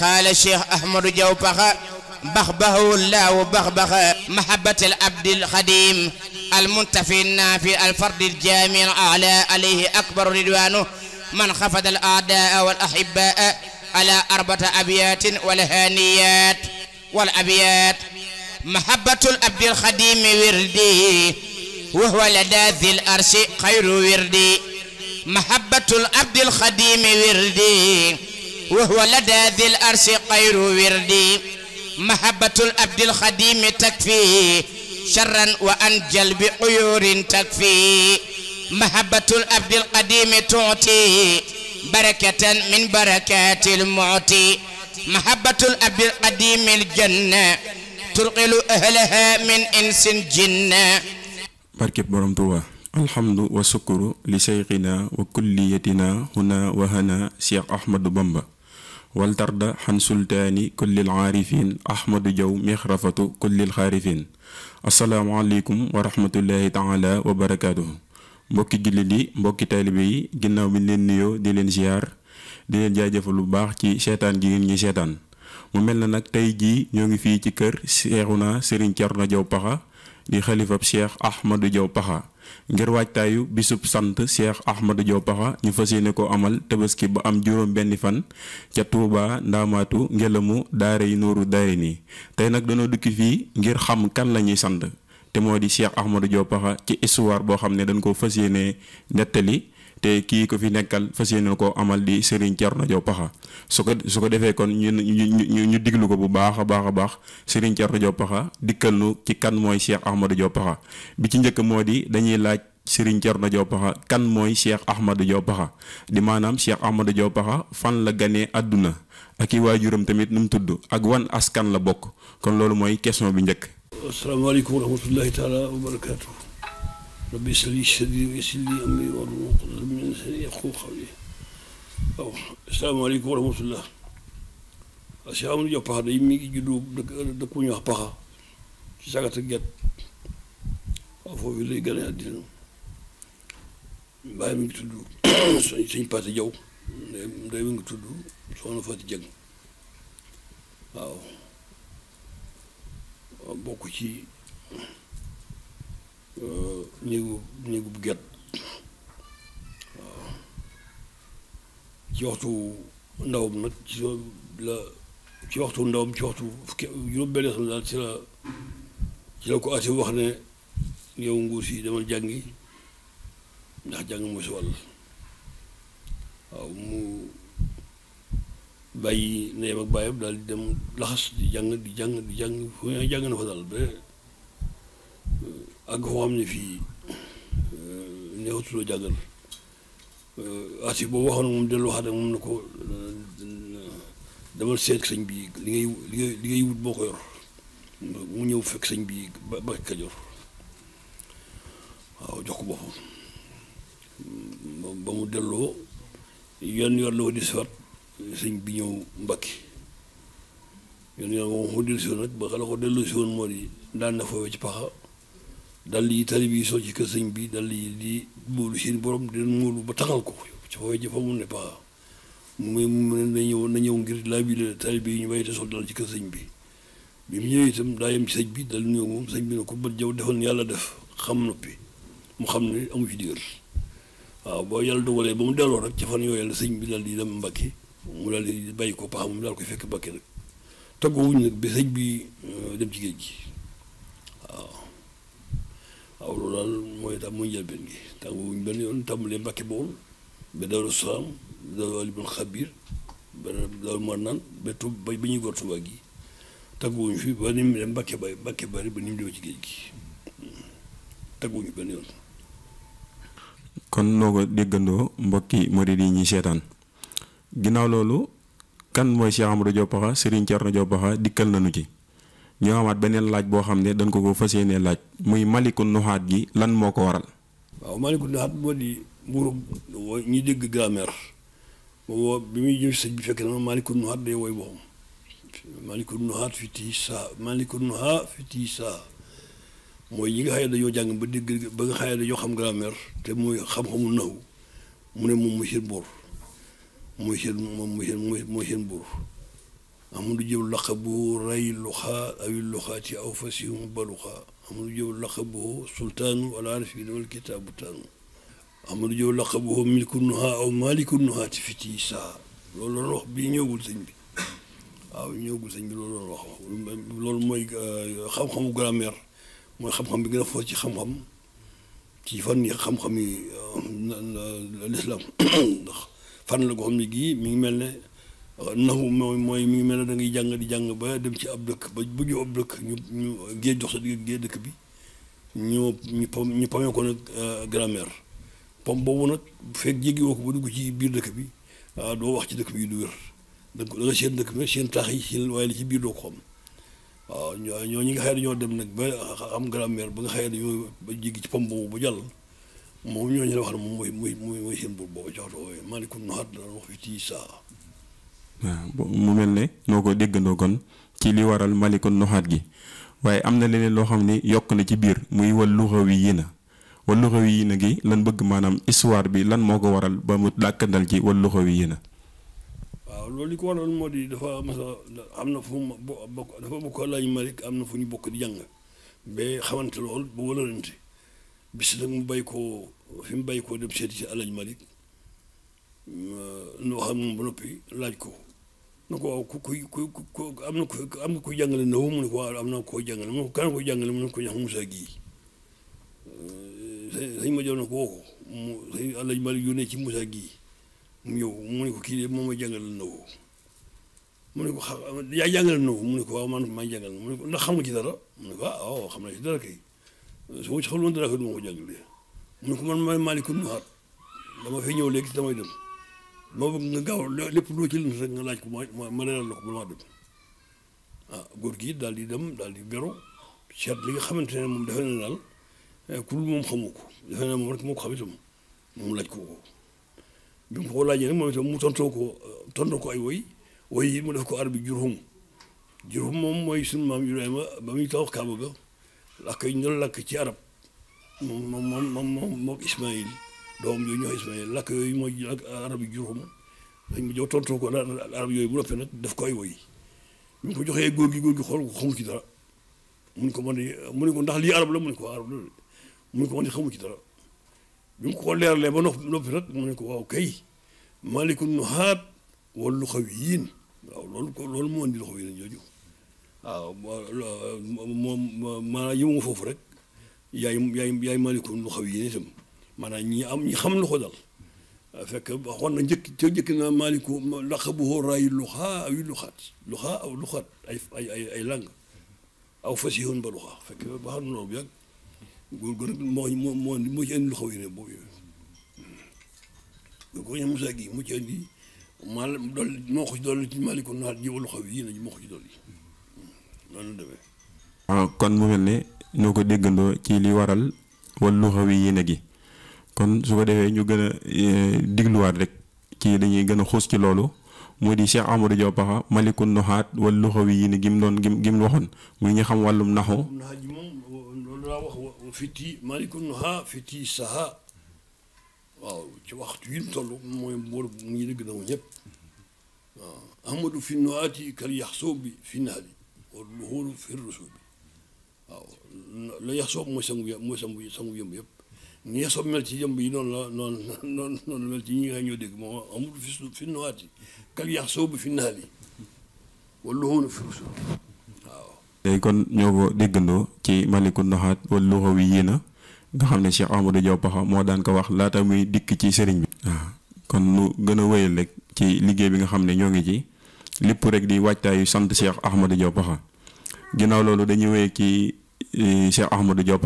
qaala cheikh ahmadou diaw paxa baxbahu laahu baxbaxa mahabat al abdil xadim al muntafi naafi al fardi jami al ala alayhi akbaru ridwanu man xafada al aadaa wal ahibaa ala arbata abiyatin wal haniyat wal abiyat mahabatul abdil xadim wirdi wa huwa lada zil arshi xayru wirdi mahabatul abdil xadim wirdi وهو لدى ذي الأرش خير وردي محبة الأبد الخديم تكفي شرا وأن جلب عيور تكفي محبة الأبد القديم تعطي بركة من بركات الموت محبة الأبد القديم الجنة ترقل أهلها من إنس جنة بركة برم توا الحمد وشكر لشيخنا وكليتنا هنا وهنا شيخ أحمد بامبا waltarda xan sultaani kullil aarifin ahmadu jaw mixrafatu kullil xaarifin asalaamaaleykum wa rahmatullahi taala wa barakaatuhu mbokki jullit yi mbokki taalibe yi ginnaaw bi leen nuyoo di leen ziar di leen jaajëfal bu baax ci seetaan gi ngeen ñi seetaan mu mel na nag tey jii ñoo ngi fii ci kër Seexuna Sëriñ Cerno Jaw Paxa di xalifab Cheikh Ahmadu Jaw Paxa ngir waajtaayu bisub sant Cheikh Ahmadou Diaw Pakha ñu fas yéene koo amal tabaski ba am juróom benni fan ca Touba Ndaamaatu Ngelamu daara yi Nuuru daara nii tey nag dañoo dukki fii ngir xam kan la ñuy sant te moo di Cheikh Ahmadou Diaw Pakha ci histoire boo xam ne dañ koo fas yéene nettali te kii ko fi nekkal fas yéene koo amal di Serigne Thierno Diaw Paxa su ko su ko defee kon ñu ñu ñu diglu ko bu baax a baax a baax Serigne Thierno Diaw Paxa dikkal nu ci kan mooy Cheikh Ahmadou Diaw Paxa bi ci njëkk moo di dañuy laaj. Sëriñ Cerno Diaw kan mooy Cheikh Ahmadou Diaw di maanaam Cheikh Ahmadou Diaw fan la ganee àdduna ak i waajuram tamit nu mu tudd ak wan askan la bokk kon loolu mooy question bi njëkk. asalaamaaleykum rabbi ishrah li sadri wa yassir li amri wahlul uqdatan min lisani yafqahu qawli waaw asalaamaaleykum wa rahmatullah Cheikh Amadou Diop Paxa day mi ngi juddu dëkk dëkk bu ñuy wax Paxa ci sagata get waaw foofu lay gane àddina mbaay mi ngi tudd sëñ Pate Diaw nday mi ngi tudd soxna Fati Dieng waaw bokk ci Euh, néegu néegub get waaw ci waxtu ndawam nag ci waxtu ndawam ci waxtu fukki juróom benn xam daal ci la ci la ko ati wax ne yow nguur si demal jàngi ndax jàng mooy si wàll waaw mu bàyyi ndeyam ak bàyyam daal di dem laxas di jàng di jàng di jàng fu ñu jàng na fa daal ak koo xam ne fii euh, neexatul a jàngal euh, artiste boobu waxoon moom dellu waxaat ak moom na ko euh, demal seet sëñ bi li ngay li li ngay wut boo ko yor mu ñëw fekk sëñ bi ba ba Kajoor mu delloo yoon yor la ko bi ñëw Mbàkke yoon yor la ko delloo si woon moo di daan na foofee ci paxa dal yi tali bi soo ci kër sëñ bi dal yi di móolu seen borom di leen móolu ba ko ci foofu jëfa mu ne pas mu ne na ñëw na ñëw ngir laa bi la tali ñu bàyyi te sol ci kër sëñ bi bi mu ñëwee itam ci sëñ bi dal ñëw moom bi ne ko bët jaw defal yàlla def xam noppi mu xam ne amu ci digal waaw boo yàlla dogalee ba mu delloo rek ci fan yooyu la bi dal di dem Mbàkke mu daal di bàyyi ko pax mu daal koy fekk Mbàkke nag togg wuñ nag ba sëñ bi euh, dem ci géej gi waaw waaw loolu daal mooy tam mooy njëlbeen gi tàmbaliwuñ benn yoon tàmbalee Mbàkke Bawol ba Daaru Salaam ba ñuy góor Tuubaa gi tàgguwuñ fi ba ni mu dem Mbàkke Bari Mbàkke Bari ba ni mu demee gi tàgguwuñ benn yoon. kon noo ko déggandoo mbokki murid yi ñuy seetaan ginnaaw loolu kan mooy Cheikh Amadou Diop Pakha Serigne Thierno Diop Pakha dikkal nañu ci. ñu amaat beneen laaj boo xam ne dañ ko ko fas yéenee laaj muy maliku nuxaat gi lan moo ko waral. waaw maliku nuxaat moo di buuru ñi dégg grammaire bi muy jëm sëñ bi fekkee na ma maliku nuxaat day woy boppam maliku nuxaat fi tii saa maliku nuxaat fi tii saa mooy ñi nga xam dañoo jàng ba dégg ba nga xam dañoo xam grammaire te muy xam-xamu naw mu ne moom mooy seen buur moom mooy seen mooy seen buur. amul jëw laqabu ray luxaa awi luxaati aw fasihum baluxaa amul jëw laqabu sultaanu wala arifin wal kitaabu taanu amul jëw laqabu milku nuhaa aw maaliku nuhaati fiti saa loolu loolu wax bii ñëwul sëñ bi waaw ñëwul sëñ bi loolu loolu wax loolu mooy euh, xam-xamu grammaire mooy xam-xam bi gën a foo ci xam-xam ci fan yi xam-xam yi euh, fan la goo xam ne mel ne naxu mooy mooy mi ngi mel da ngay jàng di ba dem ci ab dëkk ba bu ñu ñu ñu géej jox dëkk bi ñu ñu pam ñu pamee ko nag euh, boobu nag fekk jéggi woo ba dugg ci dëkk bi euh, doo wax ci dëkk bi du wér dëkk bi seen ci biir doo ko xam ñoo ñi nga xëy nag ba am grammaire ba nga xëy dañoo ba jéggi ci pam boobu ba jàll moom ñoo ñu la wax ne moom mooy mooy mooy seen buur boobu jox ko waaye maa ngi dana wax fi ci saa. waaw mu mel ne noo ko déggandoo kon ci li waral malikun noxaat gi waaye am na leneen loo xam ne yokk na ci biir muy wal luxawi yi na wal luxawi yi na gi lan bëgg maanaam histoire bi lan moo ko waral ba mu dàkkandal ci wal luxawi yi na waaw loolu li ko waral moo di dafa mas am na fu mu bokk dafa am na fu ñu bokk di jàng ba xamante lool bu wëlalante bis mu bay ko fi mu bay koo dem seeti ci alaj malik noo xam moom ba noppi laaj ko na ko waaw ku kuy ku am na ku am na ku jàngale na mu ne ko waaw am na koo jàngale mu ne ko kan ko jàngale mu ne ko Moussa gii sëñ ma jox na ko woo ko mu sëñ Malik yónnee ci Moussa gii mu ñëw mu ne ko kii de moom ma jàngale na woo mu ne ko xam yaa jàngale na woo mu ne ko man maa jàngale mu ne ko ndax xam nga ci dara mu ne ah waaw xam naa ci dara kay su ma ci xamul woon dara kay du ma ko jàngale mu ne ko man maay Maalikul Nuhaat dama fay ñëw léegi damay moo bëgg nga gaaw lépp loo ci lu rek nga laaj ko ma ma leeral la ko ba ma dugg ah góor gi daal di dem daal di beru seet li nga xamante ne moom defe na daal eh, ku moom xamu ko defe na moom moom laaj ko ko bi mu ko laajee nag mu tontoo ko eh, tontoo ko ay woy woy yi mu def ko arabi jurhum jurhum moom mooy sunu maam Ibrahima ba muy tawax Kaaba ga ci arab moom moom moom moom Ismaïl doom yooyu ñoo Ismaël làkk yooyu mooy ak arab yi dañ ma jox tontu ko arab yooyu bu noppee nag daf koy woy bi mu ko joxee góor gi góor gi xool ko xamu ci dara mun ko man mu ne ko ndax lii arab la mu ne ko arab la mu ne ko man di ci dara bi ko leeralee ba noppi nag mu ne ko waaw kay malikun nuhaat wal luxawiyin waaw loolu ko loolu moo indi luxawiyin jooju waaw moom maanaam yëmu nga foofu rek yaay yaay yaay malikun luxawiyin itam maanaam ñi am ñi xam lu ko dal euh, fekk waxoon na njëkk ca njëkk na maaliku laqabuhu raayu luxaa aw luxaat luxaat ay lang aw fasihun ba luxaa fekk baxar noonu bu yàgg góor góor moo moo moo moo ko ña Musaa mu ci indi dool yi na hmm. moo ko ci hmm. noonu demee ah, kon mu mel ne ñoo ko déggandoo ci li waral wal lu xaw yi kon su ko defee ñu gën a eh, digluwaat rek ci dañuy gën a xuus ci loolu moo di Cheikh Amadou Diaw Pakha malikun nuxaat wala luxawi yi ni gim doon gim gim waxoon muy ñu xam wàllum naxu loolu laa wax fiti malikun nuxaa fiti ci waxtu yi mu toll mooy mboolu mu ngi dëgg na mu ñëpp waaw ahmadu fi nuhaati kal bi fi naali wal luxuuru fi rusoo bi waaw la yaxsoo mooy sangu yë mooy sangu yëpp ni yasob mel ci jëmb yi noonu la noonu noonu noonu mel ci ñi nga ñoo dégg moo amul fi su fi nuwaat yi kal yax soobu fi naal yi wala woon fi kon ñoo ko déggandoo ci maliku noxaat wala luxo wi yéen nga xam ne Cheikh Amadou Diaw Pakha moo daan ko wax laata muy dikk ci sëriñ bi. waaw kon nu gën a wéyal rek ci liggéey bi nga xam ne ñoo ngi ci lépp rek di waajtaayu sant Cheikh Ahmadou Diaw Pakha ginnaaw loolu dañuy wéy ci eh, Cheikh Ahmadou Diaw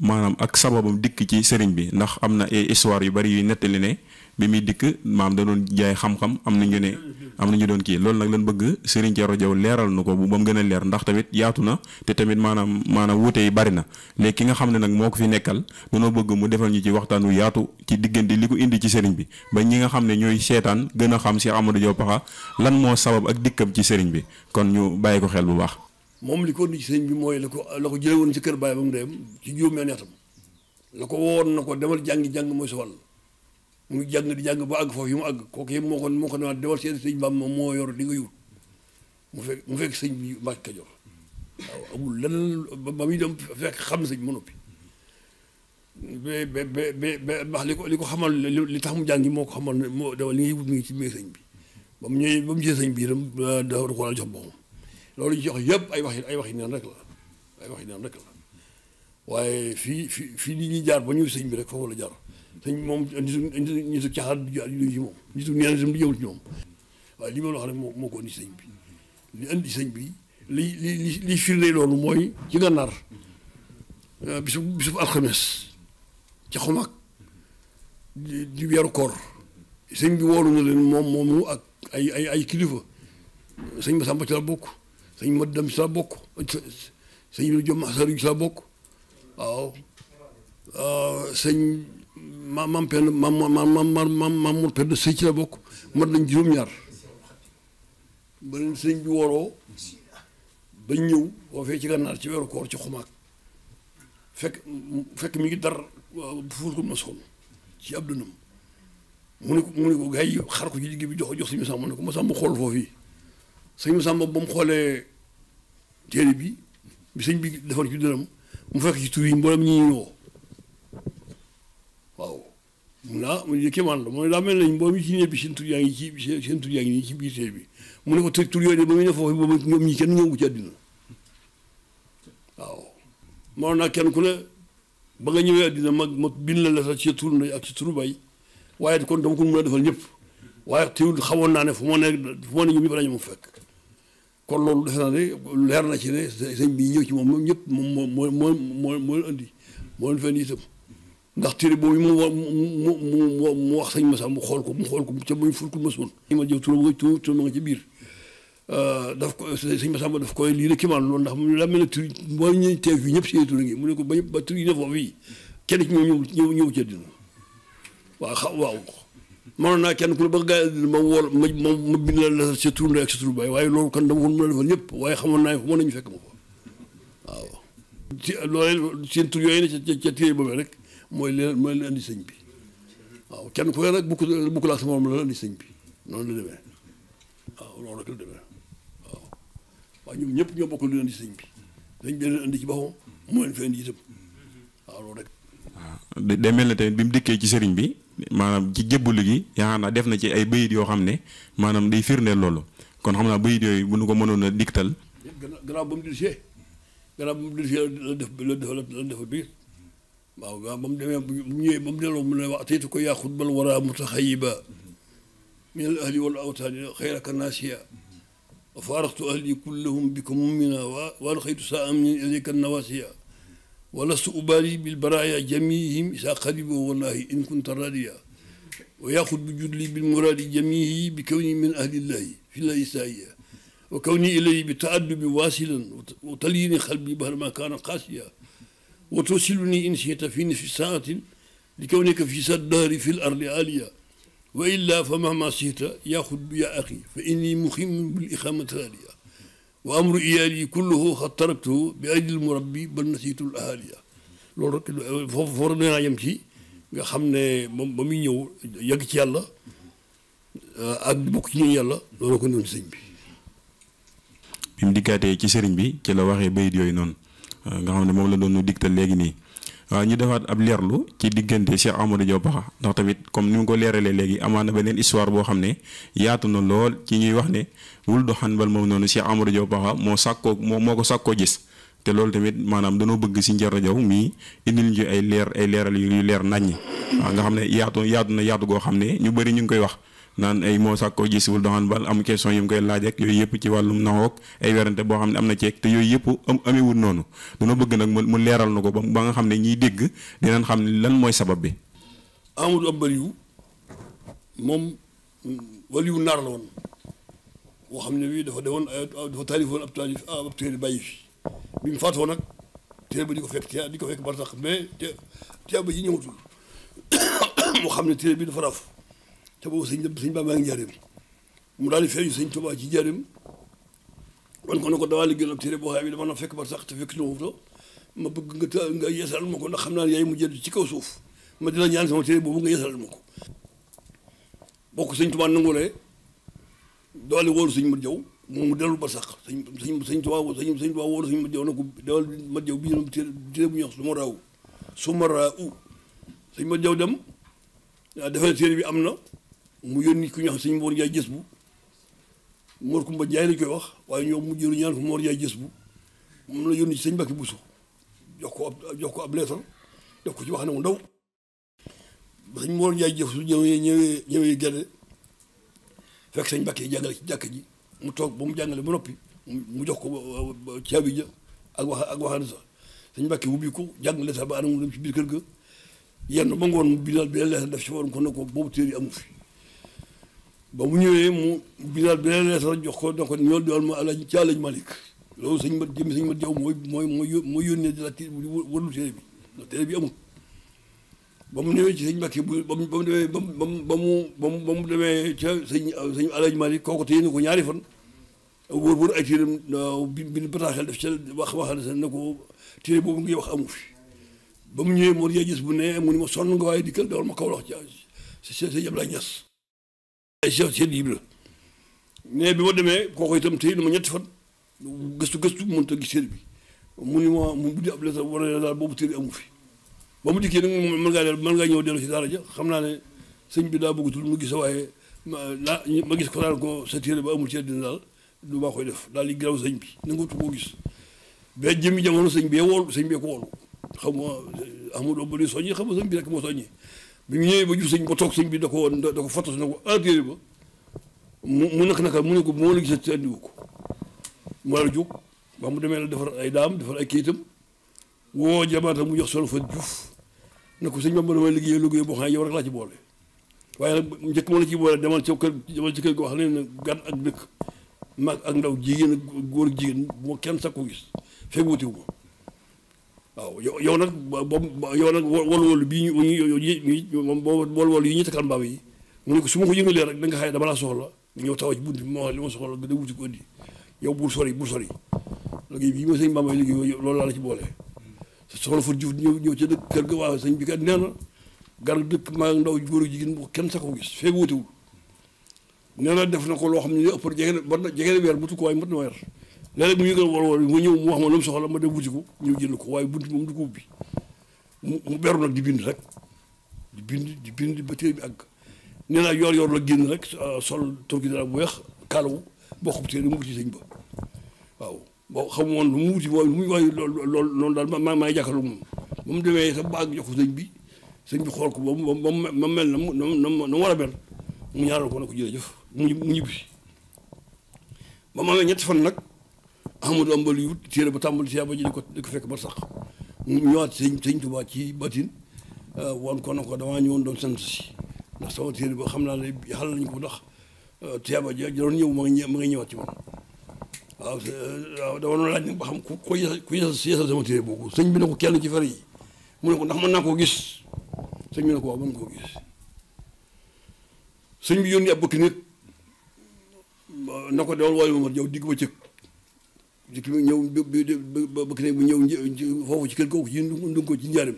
maanaam ak sababam dikk ci sëriñ bi ndax am na ay histoire yu bari yuy nettali ne bi muy dikk maam da doon jaay xam-xam am na ñu ne am na ñu doon kii loolu nag lan bëgg sëriñ Thioro Diaw leeral nu ko bu ba mu gën a leer ndax tamit yaatu na te tamit maanaam maanaam wute yi bari na léegi ki nga xam ne nag moo ko fi nekkal danoo bëgg mu defal ñu ci waxtaan wu yaatu ci diggante li ko indi ci sëriñ bi ba ñi nga xam ne ñooy seetaan gën a xam Cheikh Amadou Diaw Pakha lan moo sabab ak dikkam ci sëriñ bi kon ñu bàyyi ko xel bu baax moom li ko indi sëñ bi mooy la ko la ko jële woon ci kër baay ba mu dem ci juróom ñaari atam la ko woon na ko demal jàngi-jàng mooy sa wàll ngi jàng di jàng ba àgg yi mu àgg kooku yëpp moo ko moo ko naa demal seen sëñ moom moo yor di nga yuut mu fekk sëñ bi Mbàkke Kajoor waaw amul xam sëñ ma noppi ba ba ba ba li ko li ko xamal li tax mu jàngi moo ko xamal moo demal li ngay wut mi ngi ci biir sëñ bi ba mu ñëwee ba mu jëlee sëñ bi itam da ko la jox boppam loolu ñu ci wax yëpp ay wax ay wax yi rek la ay wax yi neen rek la waaye fii fii fii nii ñuy jaar ba ñëw sëñ bi rek foofu la jaar sëñ moom nitu nitu caaxaan du ñëw ci moom nitu neen itam du ñëwul ci moom wax rek moo moo ko indi sëñ bi li li li li li firnde loolu mooy ci gànnaar euh, bisu bisu alxames ci xumaag di weeru koor sëñ bi woolu na leen moom moomu ak ay ay kilifa sëñ Masamba ci la bokk sëñ Modou Deme sa bokk sëñ Modou Diop Masaru sa bokk waaw ah, sëñ ma maam Penda ma ma ma ma ma Mamour Penda sëñ ci la bokk mat nañ juróom-ñaar ba leen sëñ bi woroo ba ñëw boo fee ci gànnaar ci weeru koor ci xumaag fekk fekk mi ngi dar bu fuutul ma soxla ci ab dundam mu ne ko mu ne ko gars yi xar ko ci digg bi jox ko jox suñu sàmm ne ko ma sàmm xool foofu yi suñu sàmm ba mu xoolee téere bi bi sëñ bi defar ci dërëm mu fekk ci tur yi mboolem ñi ñuy woo waaw mun naa mu ne kéemaan la mooy la mel nañ mboolem ñi ci ne bi seen tur yaa ngi ci seen tur yaa ngi nii ci biir bi mu ne ko tur yooyu de ba muy ne foofu boobu ñoom ñi kenn ñëwu kenn ku ne ba nga ñëwee àddina mag ma bind la la ci tur ndey ak ci turu bay waaye kon dama ko mën a defal ñëpp waaye teewul xamoon naa ne fu ma ne fu ma ne ñoom ñëpp ñu mu fekk kon loolu defe naa ne leer na ci ne sëñ bi ñëw ci moom moom ñëpp moom moo moo moo moo indi moo leen fenn itam ndax téere boobu mu mu mu mu wax sëñ Massa mu xool ko mu xool ko ca muy ful ko mësoon. ma jëw turam nga turam nga ci biir euh, daf ko sëñ Massa daf koy lii rek ki maanaam loolu ndax mu la mel ne tur boo ñuy teew fii ñëpp seen ngi mu ne ko ba ba tur yi ne foofu yi kenn ci ñoom ñëw ñëw ñëw ca dina waaw xa mënoon naa kenn ku ne ba gaa ma woo ma ma ma bind la la sa tur ndey ak sa tur baay waaye loolu kan dama ko mën a defal ñëpp waaye xamoon waaw. ci loolee yooyu ne ca mooy leen mooy leen andi bi waaw kenn ku ne bukk bukk laa sama morom la andi bi noonu la demee waaw loolu rek la ñëpp ñoo bokk lu andi bi dañ bi andi ci boppam moo leen fi andi ne tamit bi mu dikkee ci sëriñ bi. maanaam ci jébbalu gi yaakaar naa def na ci ay bayit yoo xam ne maanaam day firndeel loolu kon xam naa bayit yooyu bu nu ko mënoon a digtal. gannaaw ba mu dul see gannaaw ba mu dul see la def la def la def biir waaw waaw ba mu demee bu ñëwee ba mu delloo mu ne wax teytu ko yaa xutbal wara mutaxayiba min al ahli wal awtaani xayraka naasiya wa faaraxtu ahli kullahum bika mumina wa waan xaytu saa am min ilayka nawaasiya walastu ubaali bil baraaya jamihim isaa xaribo wallahi in kunta radiya wa yaxud bi judli bil muraadi jamihi bi kawni min ahlillahi fi la isaaya wa kawni ilay bi taaddubi waasilan wa talyini xalbi bahar ma kaana qaasiya wa tusiluni in shiita fi nisfi saatin li kawnika fi saddaari fi l ardi aaliya wa illa fa mahma shiita yaxud ya axi fa inni muqimun bil iqaamati aaliya wa amru iyaali kulluhu xat taraktuhu bi aydil murabbi bal nasiitul loolu rek foofu foofu nee naa yem ci nga xam ne moom ba muy ñëw yëg ci yàlla ah, ak bokk ci ñun yàlla loolu ko noonu sëñ bi. bi mu dikkaatee ci sëriñ bi ci la waxee bayit yooyu noonu ah, nga xam ne moom la doon nu digtal léegi nii. ñu defaat ab leerlu ci diggante Cheikh Amadou Diaw Pakha ndax tamit comme ni mu ko leeralee léegi amaan na beneen histoire boo xam ne yaatu na lool ci ñuy wax ne wul du xanbal moom noonu Cheikh Amadou Diaw Pakha moo sàkkoo moo moo ko sàkkoo gis te loolu tamit maanaam danoo bëgg si njëriñ rajo mii indil ñu ay leer ay leeral yu leer naññi. waaw nga xam ne yaatu yaatu na yaatu goo xam ne ñu bëri ñu ngi koy wax. naan ay moo sàkkoo gisiwul doxaan bal am question yi mu koy laaj yooyu yëpp ci wàllum nawook ay werante boo xam ne am na ceeg te yooyu yëpp am amewul noonu duna bëgg nag mu leeral na ko ba nga xam ne ñiy dégg dinañ xam ne lan mooy sabab bi Amadou moom waliyu naar la woon boo xam ne wii dafa dewoon dafa taalifoon ab taalif ab téere bàyyi fi bi mu faatoo nag téere ba di ko fekk di ko fekk barsax mais te te ba yi ñëwatul moo xam ne téere bi dafa raf te boobu sëñ sëñ Bamba ngi njaareem mu daal di feeñu sëñ Tuubaa ci njaareem wan ko ne ko dawaa liggéeyal ab téere boo xam ne dama na fekk ba sax te fekk na wuuto ma bëgg nga ta nga yeesalal ma ko ndax xam naan ne yaay mu jënd ci kaw suuf ma di la ñaan sama téere boobu nga yeesalal ma ko bokk sëñ Tuubaa nangulee dawal di wóolu sëñ Mat Jaw mu dellu ba sax sëñ sëñ sëñ Tuubaa sëñ sëñ Tuubaa wóolu sëñ Mat Jaw na ko dawal Mat Jaw bii ñoom téere bu ñuy wax su ma raaw su ma Jaw dem ah, defe na téere bi am na mu yónni ku ñu wax sëñ Mor Ndiaye gis bu Mor Kumba Ndiaye ko koy wax waaye ñoom mu jëru ñaan ko Mor Ndiaye gis bu moom la yónni ci sëñ Mbacke Bousso jox ko jox ko ab leetar def ko ci wax ne mu ndaw ba sëñ Mor jëf su ñëwee ñëwee ñëwee gerte fekk sëñ Mbacke jàngale ci jàkk ji mu toog ba mu jàngale ba noppi mu jox ko caabi ja ak wax ak waxaan sax sëñ Mbacke wubbi ko jàng leetar ba anam mu dem ci biir kër ga yenn ba ngoon bi daal bi leetar def ci waroon ko ne ko boobu téere yi amu fi ba mu ñëwee mu bindal beneen leetar jox ko donc ñoo doon ma alaaj ci alaaj Malik loolu sëñ mat jëmi sëñ mat jaw mooy mooy mooy mooy yónnee di la ti warlu téere bi bi amul ba mu ñëwee ci bu ba mu ba mu ba mu ba mu ba mu ba mu demee ca sëñ sëñ alaaj Malik kooku téye na ko ñaari fan wóor wóor ay téeram bi bi bataaxel def ca wax waxal sa ne ko téere boobu ngi wax amu fi ba mu ñëwee moo yaa gis bu ne mu ni ma sonn nga waaye dikkal dawal ma kaw lox ci sëñ Ablaye Niass ay chef ci libre mais bi ma demee kooku itam tey na ma ñetti fan gëstu gëstu mënut a gis bi mu ni ma mu buddi ab lettre war a daal boobu téere amu fi ba mu dikkee nag mën ngaa mën ngaa ñëw dellu si daara ja xam naa ne sëñ bi daa bëggatul mu gis waaye ma laa ma gis ko daal ko sa téere ba amul ci dina daal lu maa koy def daal di garaw sëñ bi nangutu koo gis ba jëmmi jamono sëñ bi woolu sëñ bi ko woolu xam nga amul ba li soññi xam nga bi rek moo soññi bi mu ñëwee ba jub sëñ ba toog sëñ bi da ko da ko fotos na ko altéré ba mu mu naka naka mu ne ko moo la gisee te andiwu ko mu daal jóg ba mu demee la defar ay daam defar ay kayitam woo jabaatam mu jox solo fa juuf ne ko sëñ Bamba damay liggéey liggéey boo xam ne yow rek laa ci boole waaye nag njëkk moo la ci boole demal ci kër demal ci kër goo xam ne ne gan ak dëkk mag ak ndaw jigéen ak góor ak jigéen moo kenn sakku gis fekk wutiwu ko waaw yow yow nag boobu yow nag wolwol bii ñu moom wolwol yi ñu takkal mbaam yi mu ne ko su ma ko yëngalee rek da nga xay dama laa soxla nga ñëw taxaw ci bunt bi ma wax li ma soxla da wuti ko indi yow bul sori bul sori liggéey bii mooy sëñ mbaam yi liggéey loolu laa la ci boole soxla fa juuf ñëw ñëw ca dëkk kër ga waaw sëñ bi kat nee na gar dëkk maa ndaw góor jigéen bu kenn sax ko gis fee wóotewul nee na def na ko loo xam ne ëpp jege na jege na weer mutu ko waaye mot na weer léeg mu yëgal war ma ñëw mu wax ma lu mu soxla ma dem wuti ko ñëw jënd ko waaye buntu moom du ko ubbi mu mu beru nag di bind rek di bind di bind ba téere bi àgg nee yor yor la génn rek sol turki dara bu weex kaalawu bokkub téere mu wuti sëñ ba waaw boo xamu woon lu mu wuti waaye lu muy waaye loolu loolu noonu daal maa maay jàkkaarloo moom ba mu demee sax ba jox ko sëñ bi sëñ bi xool ko ba mu mel na mu na mu war a mel mu ñaaral ko ne ko jërëjëf mu ñibbi mu ñibbi ba mu amee ñetti fan nag. Ahmadou Ambal yu wut téere ba tàmbali si ba ji di ko di ko fekk ba sax mu ñëwaat sëñ sëñ Tuubaa ci batin euh, wan ko na ko damaa ñëwoon doon sant si ndax sama téere xam naa ne xal ko ndax euh, tiyaaba ji doon ñëw ma ngi ma ngi ñëwaat ci man waaw euh, xam ku ko yeesal boobu sëñ bi ne ko kenn ci fere yi mu ne ko ndax man naa koo gis sëñ bi ne ko waaw mën koo gis sëñ bi yónni ab bëkk nit na ko dewal waaye ma ma jaw digg ba cëg ñëw bëgg ne bu ñëw foofu ci kër googu ci ndunga ko ci njaaram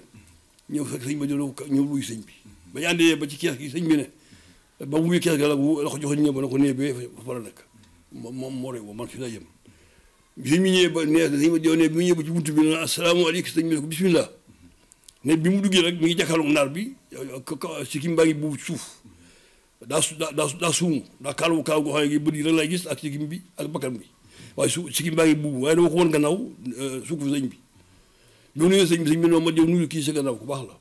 ñëw fekk sëñ ba ñëw ñëw wuyu bi ba ñu àndee ba ci kees gi sëñ bi ne ba mu wuyu kees ga la ko joxoñ ñëw ba ko nee bee fa war moom moo doy man fi la yem bi mu ba nee sëñ ba joo ne bi ci buntu bi na asalaamaaleykum sëñ bi ne bi mu duggee rek mi ngi jàkkaarloog naar bi si kim baa ngi buubu suuf daa su daa daa suumu daa kaalu kaalu goo xam ne gi bët yi la lay gis ak si bi ak bakkan bi waaye su sikkim baa ngi buubu waaye dama ko woon gannaaw euh, suufu sëñ bi bi mu nuyoo sëñ bi sëñ bi noonu ma jëw nuyu kii sa gannaaw ku baax la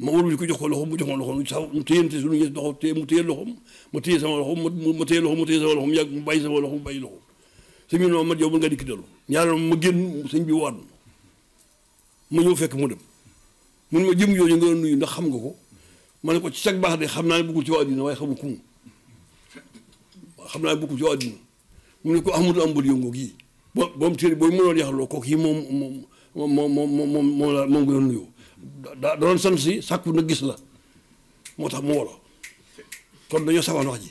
ma wóorul ko jox ko loxoom mu jox ma mu téyante loxo téye mu téye loxoom ma téye sama loxoom ma téye loxoom ma téye sama loxoom yàgg mu bàyyi sama loxo mu bàyyi loxoom sëñ bi noonu ma jëw mën nga dikki dellu ñaareel ma génn sëñ bi waat ma ñëw fekk mu dem mun ma jëm yooyu nga nuyu ndax xam nga ko ma ne ko ci sag baax de xam naa ne bukkul ci waa àddina waaye xamul ku xam naa ne bukkul ci waa mu ne ko Ahmadou Amba Diop gii ba ba mu tëddee booy mënoon yaxloo kooku yi moom moom moom moom moom moom la moom nga doon nuyoo daa sant si sàkku na gis la moo tax mu wolo kon dañoo ji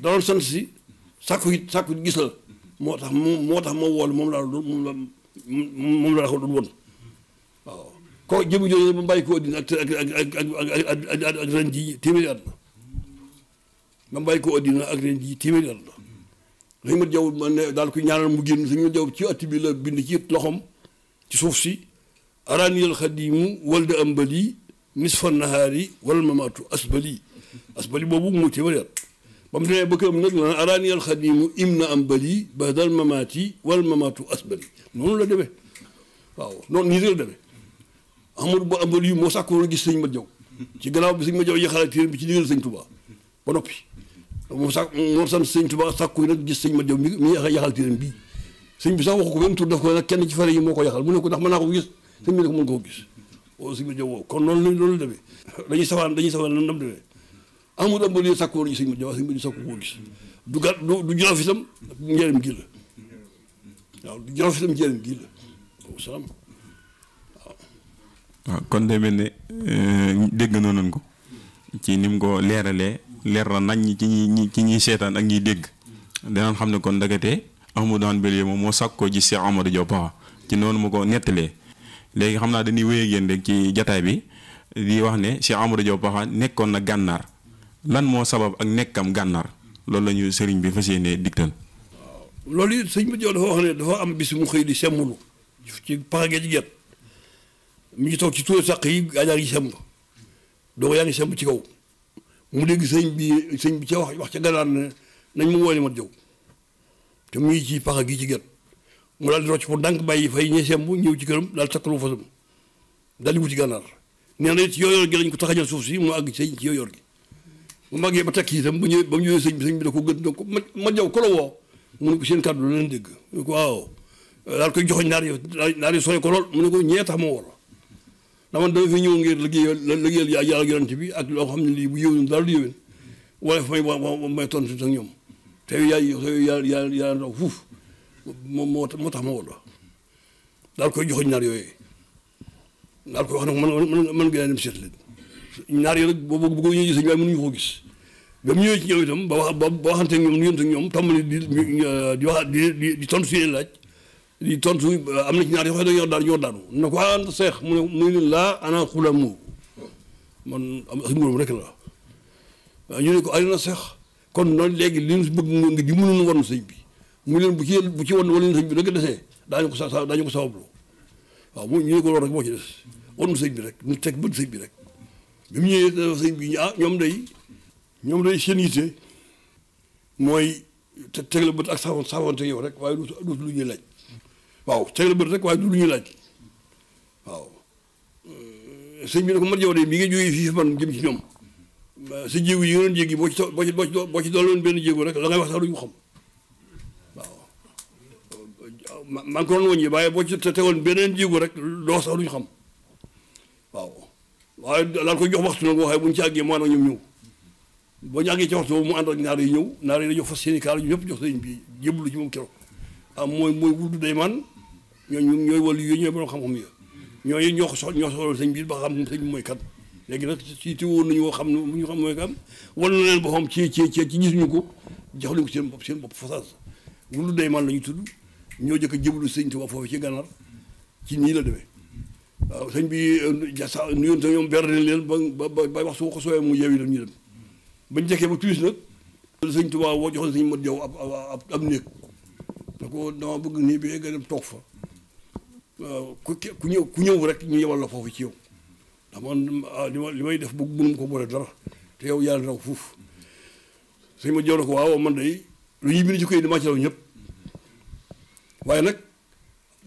da doon si sàkku it gis moo tax mu moo tax ma wool moom laa doon moom la moom laa ko doon won waaw kooku jëmu jooju mu bàyyi ko addina ak ak jii téeméeri at la nga bàyyi ko addina ak ren jii téeméeri at la Sëñ Mat Jaw man daal koy ñaanal mu génn Sëñ Mat Jaw ci atti bi la bind ci loxom ci suuf si araniyal xadimu walda ambali nisfa nahaari wal mamatu asbali asbali boobu mu téeméer ba mu demee ba këram nag la araniyal xadimu imna ambali badal mamati wal mamatu asbali noonu la demee waaw noonu nii la demee Amadou Ba ambali moo sàkkoon a gis Sëñ Mat Jaw ci gannaaw bi Sëñ Mat Jaw yaxalaat téere bi ci digal Sëñ Tuubaa ba moom sax moom sax sëñ Tuubaa sàkku nag gis sëñ ma Diop mi mi yaxal téeram bii sëñ bi sax ko benn tur daf ko nag kenn ci fare yi moo ko yaxal mu ne ko ndax mën naa ko gis sëñ bi ne ko mën koo gis o oh, sëñ kon noonu lañ loolu demee dañuy safaan dañuy safaan nan dam demee amul am ba li sàkku woon gis sëñ ma Diop sëñ ma Diop sàkku koo gis du gàtt du jorof itam njëriñ gi la waaw du jorof itam njëriñ gi la salaam waaw kon day mel ne euh, dégg noonu ko ci ni ko leeralee leer na nañ ci ñi ci ñuy seetaan ak ñuy dégg danañ xam ne kon ndagate mu daan Bélier moom moo sàkkoo ji Cheikh Amadou Diaw Pakha ci noonu ma ko nettalee léegi xam naa dañuy wéy ak yéen rek ci jataay bi di wax ne Cheikh Amadou Diaw Pakha nekkoon na gànnaar lan moo sabab ak nekkam gànnaar loolu la sëriñ bi fas yéenee digtal. loolu it sëñ bi Diop dafa wax am bis mu xëy di semmulu ci pax gi ci gerte mu ngi toog ci tuur sàq yi gaañaar yi semb doo yaa ngi semb ci kaw mu dégg sëñ bi sëñ bi ca wax wax ca gannaaw nañ mu woo li ma jow te mu ngi ci a gi ci gën mu daal di rocc pour ndànk bàyyi fay ñeeseem bu ñëw ci këram daal takkalu fasam daal di wuti gànnaar nee na ci yooyoor gi lañ ko taxajal suuf si mu àgg sëñ ci yooyoor gi mu màggee ba takk itam ba ñëwee ba mu ñëwee sëñ bi sëñ bi da ko gën donc ma ma jaw ko la woo mu ne ko seen kàddu la leen dégg mu ne ko waaw daal koy joxoñ naar yi naar yi sooy ko lool mu ne ko ñee tax ma woo dama dama fi ñëw ngir liggéeyal liggéeyal yàlla yonent bi ak loo xam ne lii bu yëwén dara du yëwén wala fa may may tontu ak ñoom te yaay yàlla yàlla yàlla moom moo moo tax ma woo la daal koy joxoñ naar yooyu daal koy wax nag man man gën dem seet leen naar yi nag boobu bëgg ñu gis waaye mënuñu koo gis ba mu ñëwee ñoom itam ñoom nu yëntu ak ñoom tàmbali di di wax di di laaj di tontu am na ci ñaar yoo xam ñoo daanu na ko ànd ah, seex mu ne mu ne laa ana xulamu man am suñu borom rek la ah, ñu ne ko ànd na seex kon noonu léegi li ñu bëgg nga ngi mënuñu won sëñ bi mu leen bu ci bu ci won wala sëñ bi rek desee daañu ko sa daañu ko sabablu waaw mu ñu ne ko loolu moo ci des bi rek ñu teg bët sëñ bi rek bi mu ñëwee sëñ bi ah, ñoom day ñoom day seen yitte mooy te teg la bët ak saafante yow rek waaye du lu ñuy laaj waaw teg bët rek waaye du lu ñuy laaj waaw euh, sëñ bi ne ko man yow de mi nga jógee fii man jëm ci ñoom euh, si jéego yi nga doon jéegi boo ci boo ci boo benn jéego rek la ngay wax sax duñu ñu waaw maa ngi ko doon waaye boo ci tegoon beneen jéego rek doo sax xam waaw waaye daal ko jox waxtu nag waxee bu ñu ci àggee maanaam ñoom ñëw boo ñu àggee ci waxtu mu ànd ak naar yi ñëw naar yi dañoo fas seen i kaar ñu ñëpp jox sëñ bi jébbalu ci moom keroog am mooy mooy wudd day man ñooñu ñooy wàllu yooyu ñooy borom xam-xam yooyu ñooñu ñoo ko soxla ñoo soxla sëñ bi ba xam sëñ bi mooy kan léegi nag si nañu woo xam ne ñu xam mooy kan wan na leen boppam ci ci ci ci gisuñu ko jox nañu ko seen bopp seen bopp fasaas wulu day man la ñu tudd ñoo jëkk a jëblu sëñ Tuubaa foofu ci gànnaar ci nii la demee waaw sëñ bi euh, sa nuyoon te ñoom ber nañ leen ba ba ba wax su ko sooyee mu yeewi leen ñu dem bañ jekkee ba tuuti nag sëñ Tuubaa woo joxoon sëñ Mat Jaw ab ab ab néeg da ko dama bëgg nii bi nga dem toog fa ku ku ñëw ku ñëw rek ñu yebal la foofu ci yow ndax ah, man li may def bu mënum ko boole dara te yow yàlla raw fuuf ma jox ko waaw man day lu damaa ci raw nag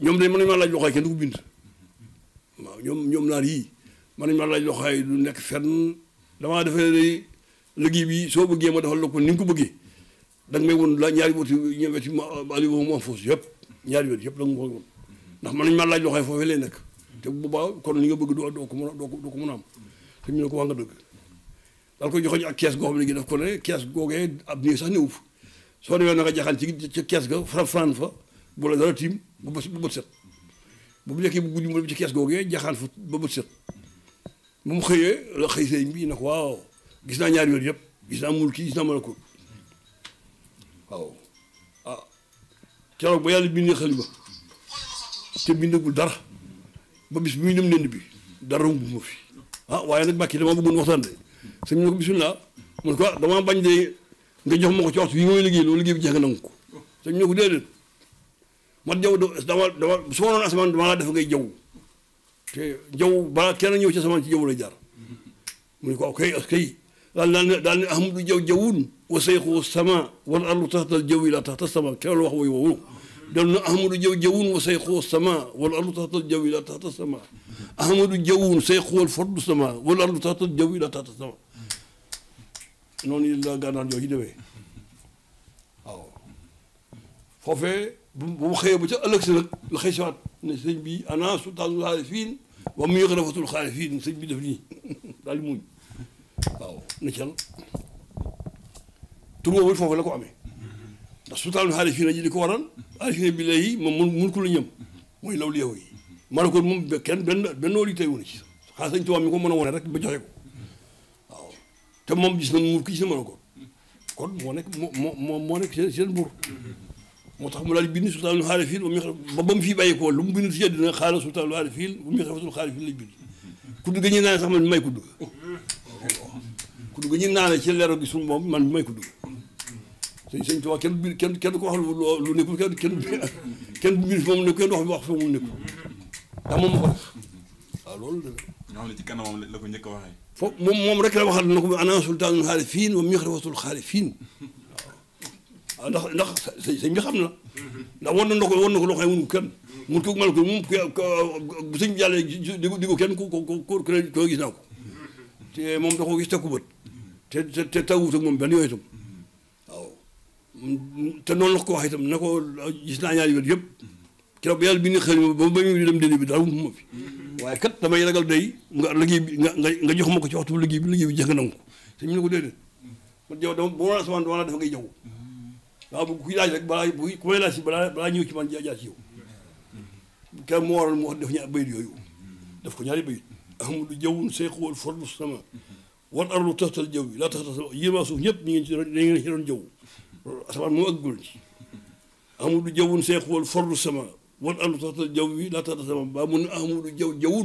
ñoom day mën nañu maa laaj yi kenn du ko bind ñoom ñoom naar mën nañu maa laaj loxo yi du nekk fenn damaa defee day bi soo bëggee ma defal la ko ni nga ko bëggee da nga may woon la ñaari wati ñaari wati ma Aliou ma am foofu yëpp ñaari wati yëpp da nga ma ko woon ndax man nañu ma laaj loxoy foofee lay nekk te bu boobaa kon li nga bëgg doo doo ko mën a doo ko mën am sëñ ko wax nga dëgg daal ko joxoñ ak kees goo xam ne ko kees googee ab nii sax néew fa soo demee na nga jaxan ci kees ga fra fran fa bu la dara tiim ba ba bët set bu mu nekkee bu guddi mu ci kees ba bët set bu mu xëyee la bi na ko waaw gis naa ñaari yooyu yëpp gis naa mul kii gis naa mën a ko waaw ah, ba yàlla bind xalima te bindagul dara ba bis bi muy dem lënd bi dara bu ma ah waaye nag Mbàkke damaa bëggoon waxtaan de sëñ bi ne ko bisimilah mu ne ko ah bañ de nga jox ma ko ci waxtu yi nga liggéey loolu liggéey bi jeex nga nangu ko sëñ bi ne ko déedéet man jaww dama dama su ma noon def ngay jaww te jaww ñëw ci asamaan ci jaww lay jaar mu ne ko ok ok daal daal ne jaw jawwun wa sayxu sama wal ardu taxta al jawi la taxta sama kenn wax wooyu woowu لأن أحمد جو جون وسيقو السماء والأرض تحت الجو إلى تحت السماء أحمد جون سيقو الفرد السماء والأرض تحت الجو إلى تحت السماء noonu la gànnaar jooju demee waaw foofee bu mu xëyee ba ca ëllëg si nag la xëy siwaat ne sëñ bi ana sultaanul xaalifiin wa mu yëg rafatul xaalifiin sëñ bi def nii daal di muñ waaw na cal tur boobu foofu la ko amee ndax sultaanul xaalifiin a ji di ko waral alxem bi léegi moom mun mun ko la mooy law léew yi ma ko moom kenn benn benn wóor yi tey wu na ci xaaral sañ tubaab mi ko mën a wone rek ba joxe ko waaw te moom gis na mu ko gis na mën a ko kon moo nekk moo moo moo nekk seen moo tax mu daal di bind sultaanul xaarifiin ba ba mu fii bàyyi ko lu mu bind si àddina xaaral sultaanul xaarifiin bu mu xefatul xaarifiin lañ bind kudd ga ñuy naan sax man may kudd ga kudd ga ñuy naan ci leero gi moom man may kudd ga te sëñ Tuubaa kenn bi kenn kenn ko wax lu nekkul kenn kenn kenn bi moom ne kenn wax wax fa mu nekkul ndax moom ma ko def waaw loolu la. ñoo xam ne ci kanamam la ko njëkk a waxee. foofu moom moom rek la waxal na ko ana sultaanul xaalifiin wa mixrafatul xaalifiin waaw ndax ndax sëñ bi xam na ndax war na ko war na ko loo xam ne mënu kenn mun ko mën ko moom bu sëñ bi yàlla di ko kenn ku ko ko gis naa ko te moom da ko gis takku bët te te tawut ak moom benn yooyu itam te noonu la ko wax itam na ko gis naa ñaari yoon yëpp keroog yàlla bi ñu xëy ba ba muy dem dënnu bi dara wu ma fi waaye kat damay ragal day nga liggéey bi nga nga jox ma ko ci waxtu bu liggéey bi liggéey bi jeex nga nangu ko te ñu ko déedéet man yow dama boo waroon sama dafa ngay jaww waaw bu kuy rek balaa bu ku may si balaa balaa ñëw ci man jaa ci yow keroog moo waral mu wax def ñaari bayit yooyu daf ko ñaari bayit ahmadu jawwun seequwal fordu sama tax arlu taxtal jaww bi tax taxtal sama yéemaa suuf ñëpp ñu ngi ci doon jaww asamaan moo ëggul ci amadu jawwun seexuwal fordu sama wan andu wi laa taxta sama baa mun amadu jaw jaw wi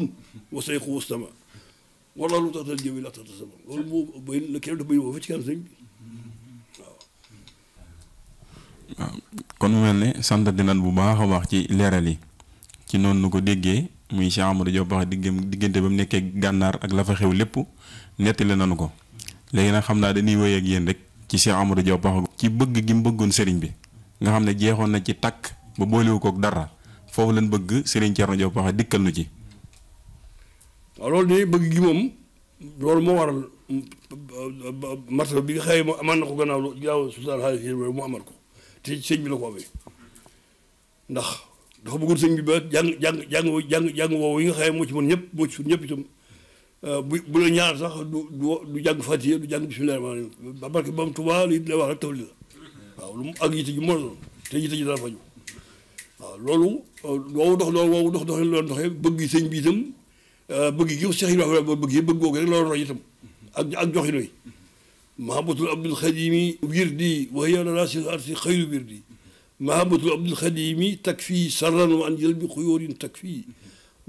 laa taxta sama loolu moo bay la kenn daf mel ne sant dinañ bu baax a wax ci leeral yi ci noonu nu ko déggee muy Cheikh Amadou Diop wax diggante ba mu nekkee gànnaar ak la fa lépp nettali nañu ko nag xam naa dañuy wéy ak yéen rek ci Cheikh Amadou Diop wax ci bëgg gi mu bëggoon sëriñ bi nga xam ne jeexoon na ci takk ba boolewu kook dara foofu lañ bëgg sëriñ Thierno Diop wax dikkal nu ci. waaw loolu de bëgg gi moom loolu moo waral martaba bi nga xëy ma amaan na ko gannaaw loolu mu amal ko te sëñ bi la ko amee ndax dafa bëggoon sëñ bi ba jàng jàng jàng jàng jàng woowu yi nga xëy moo ci mën ñëpp moo ci ñëpp Euh, bu bu ñaar sax du du jàng fatiha du jàng bisimilah ba parce bam Tuubaa li lay la waaw lu ak yite ji mën te yite ji dara faju waaw loolu euh, woowu dox loolu woowu dox doxin loolu doxee bëgg sëñ bi itam euh, bëgg gi Cheikh Ibrahima ba bëgg bëgg googu loolu roy itam ak ak joxin wi mahabatul abdul xadimi wirdi wa hiya rasil arsi xayru wirdi mahabatul abdul xadimi takfi sarran wa an jël bi takfi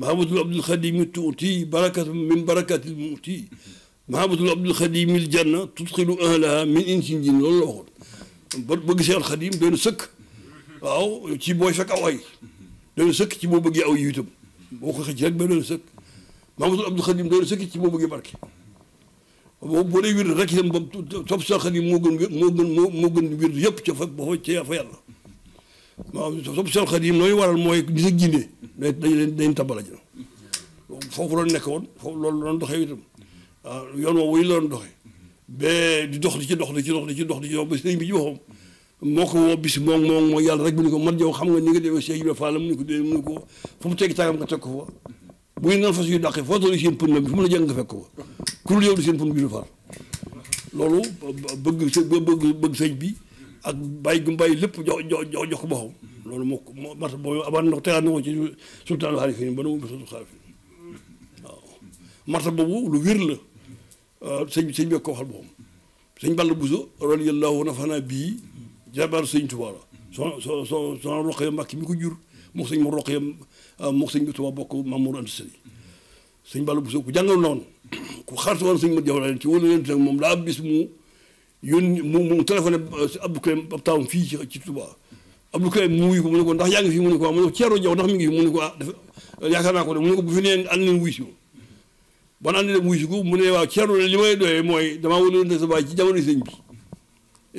محمد عبد الخديم تؤتي بركة من بركات المؤتي محمد عبد الخديم الجنة تدخل أهلها من إنس جن loolu la waxoon bëgg Seex Xadim doon sëkk waaw ci booy fekk aw ay doon sëkk ci boo bëggee aw yi itam boo ko xëcc rek ba doon sëkk Mamadou Abdou Khadim doon sëkk ci boo bëggee barke boo boo dee wird rek itam ba topp Seex Xadim moo gën moo gën moo gën wird yëpp ca fa ba fa ca fa yàlla waaw sopp Seex Xaadim looy waral mooy gis ak jinne dañ dañ dañ tabal a foofu loolu nekk woon foofu loolu loon doxee itam waaw ah, yoon woowu yi loon doxee ba di dox di ci dox di ci dox di ci dox di ci dox ba sëñ bi ci waxam moo mooy yàlla rek mu ne ko man yow xam nga ni nga demee sëñ bi faala fu mu teg tàggam nga teg ko fa bu ngeen naan fas yu dàqee foo toll seen pën bi fu mu la jàng nga fekk ko fa kurul yow di seen pën bi du faar loolu bëgg bëgg bi ak bàyyi gu bàyyi lépp jox jox jox ko boppam loolu moo ko moo martaba boobu aban na ko tegaat na ko ci sultaanul xaarifin ba na ubbi sultaanul xaarifin waaw martaba boobu lu wér la euh, sëñ sëñ bi ko waxal boppam sëñ Balla Bousso radiyallahu nafanaa bii jabar sëñ Tuubaa la son so so son Roqaya Mbàkke mi ko jur moo sëñ mo Roqaya euh, moo sëñ bi Tuubaa bokk Mamour Anta Sali sëñ Balla Bousso ku jàngal noonu ku xarit woon sëñ ma jaw leen ci wóolu leen nag moom daa bis mu yónni mu mu téléphoné euh, Abdou Karim ab taawam fii ci ci Touba Abdou Karim mu wuyu ko mu ne ko ndax yaa ngi fi mu ne ko ah mu ne ko Thierno Diaw ndax mi ngi fi mu ne ko ah dafa yaakaar naa ko de mu ne ko bu fi nee ànd leen wuyu si ko ban ànd leen wuyu si ko mu ne waaw Thierno li may doyee mooy damaa wóor na sa baay ci jamono sëñ bi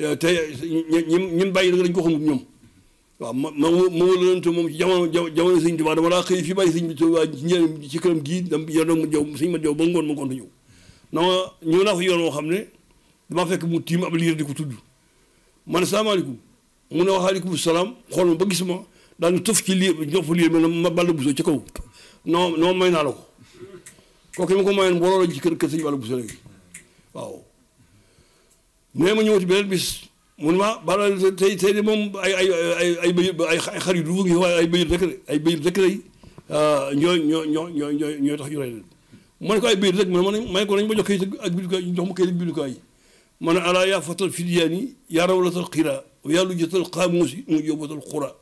euh, te ñi ñi bàyyi nag dañ ko xamut ñoom waaw ma ma ma wóor moom ci jamono jamono sëñ Touba dama laa xëy fii bàyyi sëñ bi te waa ci njëriñ ci këram gii dama yoroon ma Diaw sëñ ma Diaw ba ma gont ñëw na ma ñëw naa fa yoon woo xam ne damaa fekk mu tiim ab liir di ko tudd ma ne salaamaaleykum mu a waaleykum salaam xool ba gis ma daal di tëf ci liir jox fa liir ma buso ci kaw non non may naa la ko kooku ko mayoon ci kër kër sëñ bàll buso léegi ma ñëwati beneen bis mu ne ma bala tey tey moom ay ay ay ay bëy ay xar yu duufu ngi waaye ay bëy rek ay bëy rek lay ñoo ñoo ñoo ñoo ñoo tax ñu rey leen ma ne ko ay bëy rek ma ne ko nañ ma jox kayit ak bindukaay jox ma ma ne alaa yaa fatal fidyaani yaa rawlatal xiraa yaa lujatal qaamuusi mu jóobatal xuraa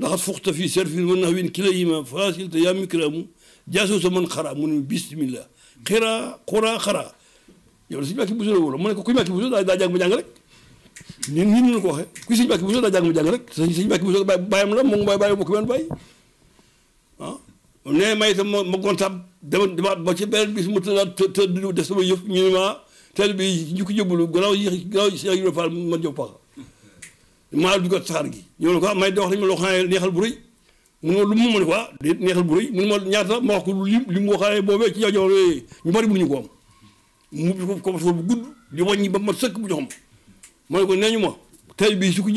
laxat fuxta fii serfin wa nahwin kilayhima fasilta yaa mikraamu jaasoo sa man xaraa mu ne bismillah xiraa xuraa xaraa yow la sëñ Mbàkke Buso la wóolu ma ne ko kuy Mbàkke Buso daa jàng ma jàng rek ni ni ñu ko waxee kuy sëñ Mbàkke Buso daa jàng ma jàng rek sëñ Mbàkke Buso bàyyam la moom bàyyi bokk benn bàyyi ah ne may itam ma gontaam dama dama ba ci beneen bis mu tëddaat tëdd des taalibe yi ñu ko jëbbalu gannaaw yi gannaaw Cheikh Ibrahima Fall man Diop Pakha maa dugal gi ñoo ne ko ah, may dox dañ ma bu mun ma lu mu ma ah, ne ko déet neexal bu rëy mun ma ñaata wax li li mu waxaale boobee ci ko mu bi ko commerce bu gudd di wàññi ba ma sëkk bu joxam ne ko nee ñu ma tey bii su ko ko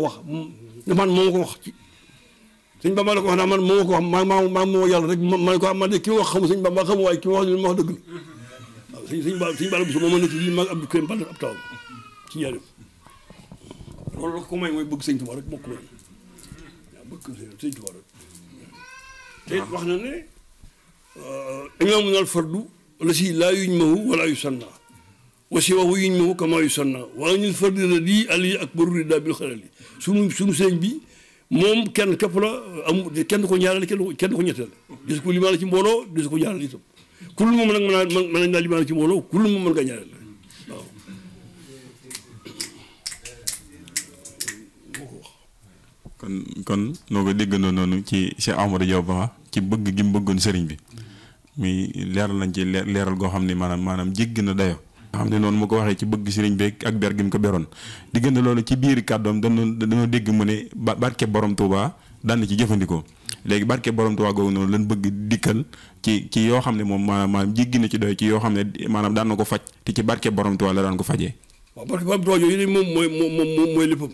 wax man moo ma ko wax señ Bamba la ko wax naa man moo ko yàlla rek man ko man de ki wax xamu sëñ Bamba xamu waaye ki wax li ma wax dëgg la waaw sëñ sëñ Ba sëñ Balla Bousso moo ma nekk lii mag wax na ne euh, imaamu nal fardu la si laa yuñ mawu wala yu sanna wasi waxu yuñ mawu kama yu sanna waaye fardu na ali ak baru daa bil sunu sunu bi moom kenn képp la am kenn ko ñaareel kenn kenn ko ñetteel disu ko limaale ci mbooloo disu ko ñaareel itam kullu moom nag mën naa mën nañ naa limaale ci mbooloo kullu moom mën nga kon kon noo ko déggandoo noonu ci Cheikh Ahmadou Diaw Ba ci bëgg gi mu bëggoon sëriñ bi muy leeral nañ ci leeral goo xam ne maanaam maanaam jéggi na dayo nga xam ne noonu mu ko waxee ci bëgg sëriñ bi ak ber gi mu ko beroon diggante loolu ci biir kàddoom dañoo dañoo dégg mu ne barke borom Touba daan na ci jëfandikoo léegi barke borom Touba googu noonu lan bëgg dikkal ci ci yoo xam ne moom maanaam jéggi na ci doy ci yoo xam ne maanaam daan na ko faj te ci barke borom Touba la daan ko fajee. waaw barke borom Touba yooyu moom mooy moom moom mooy léppam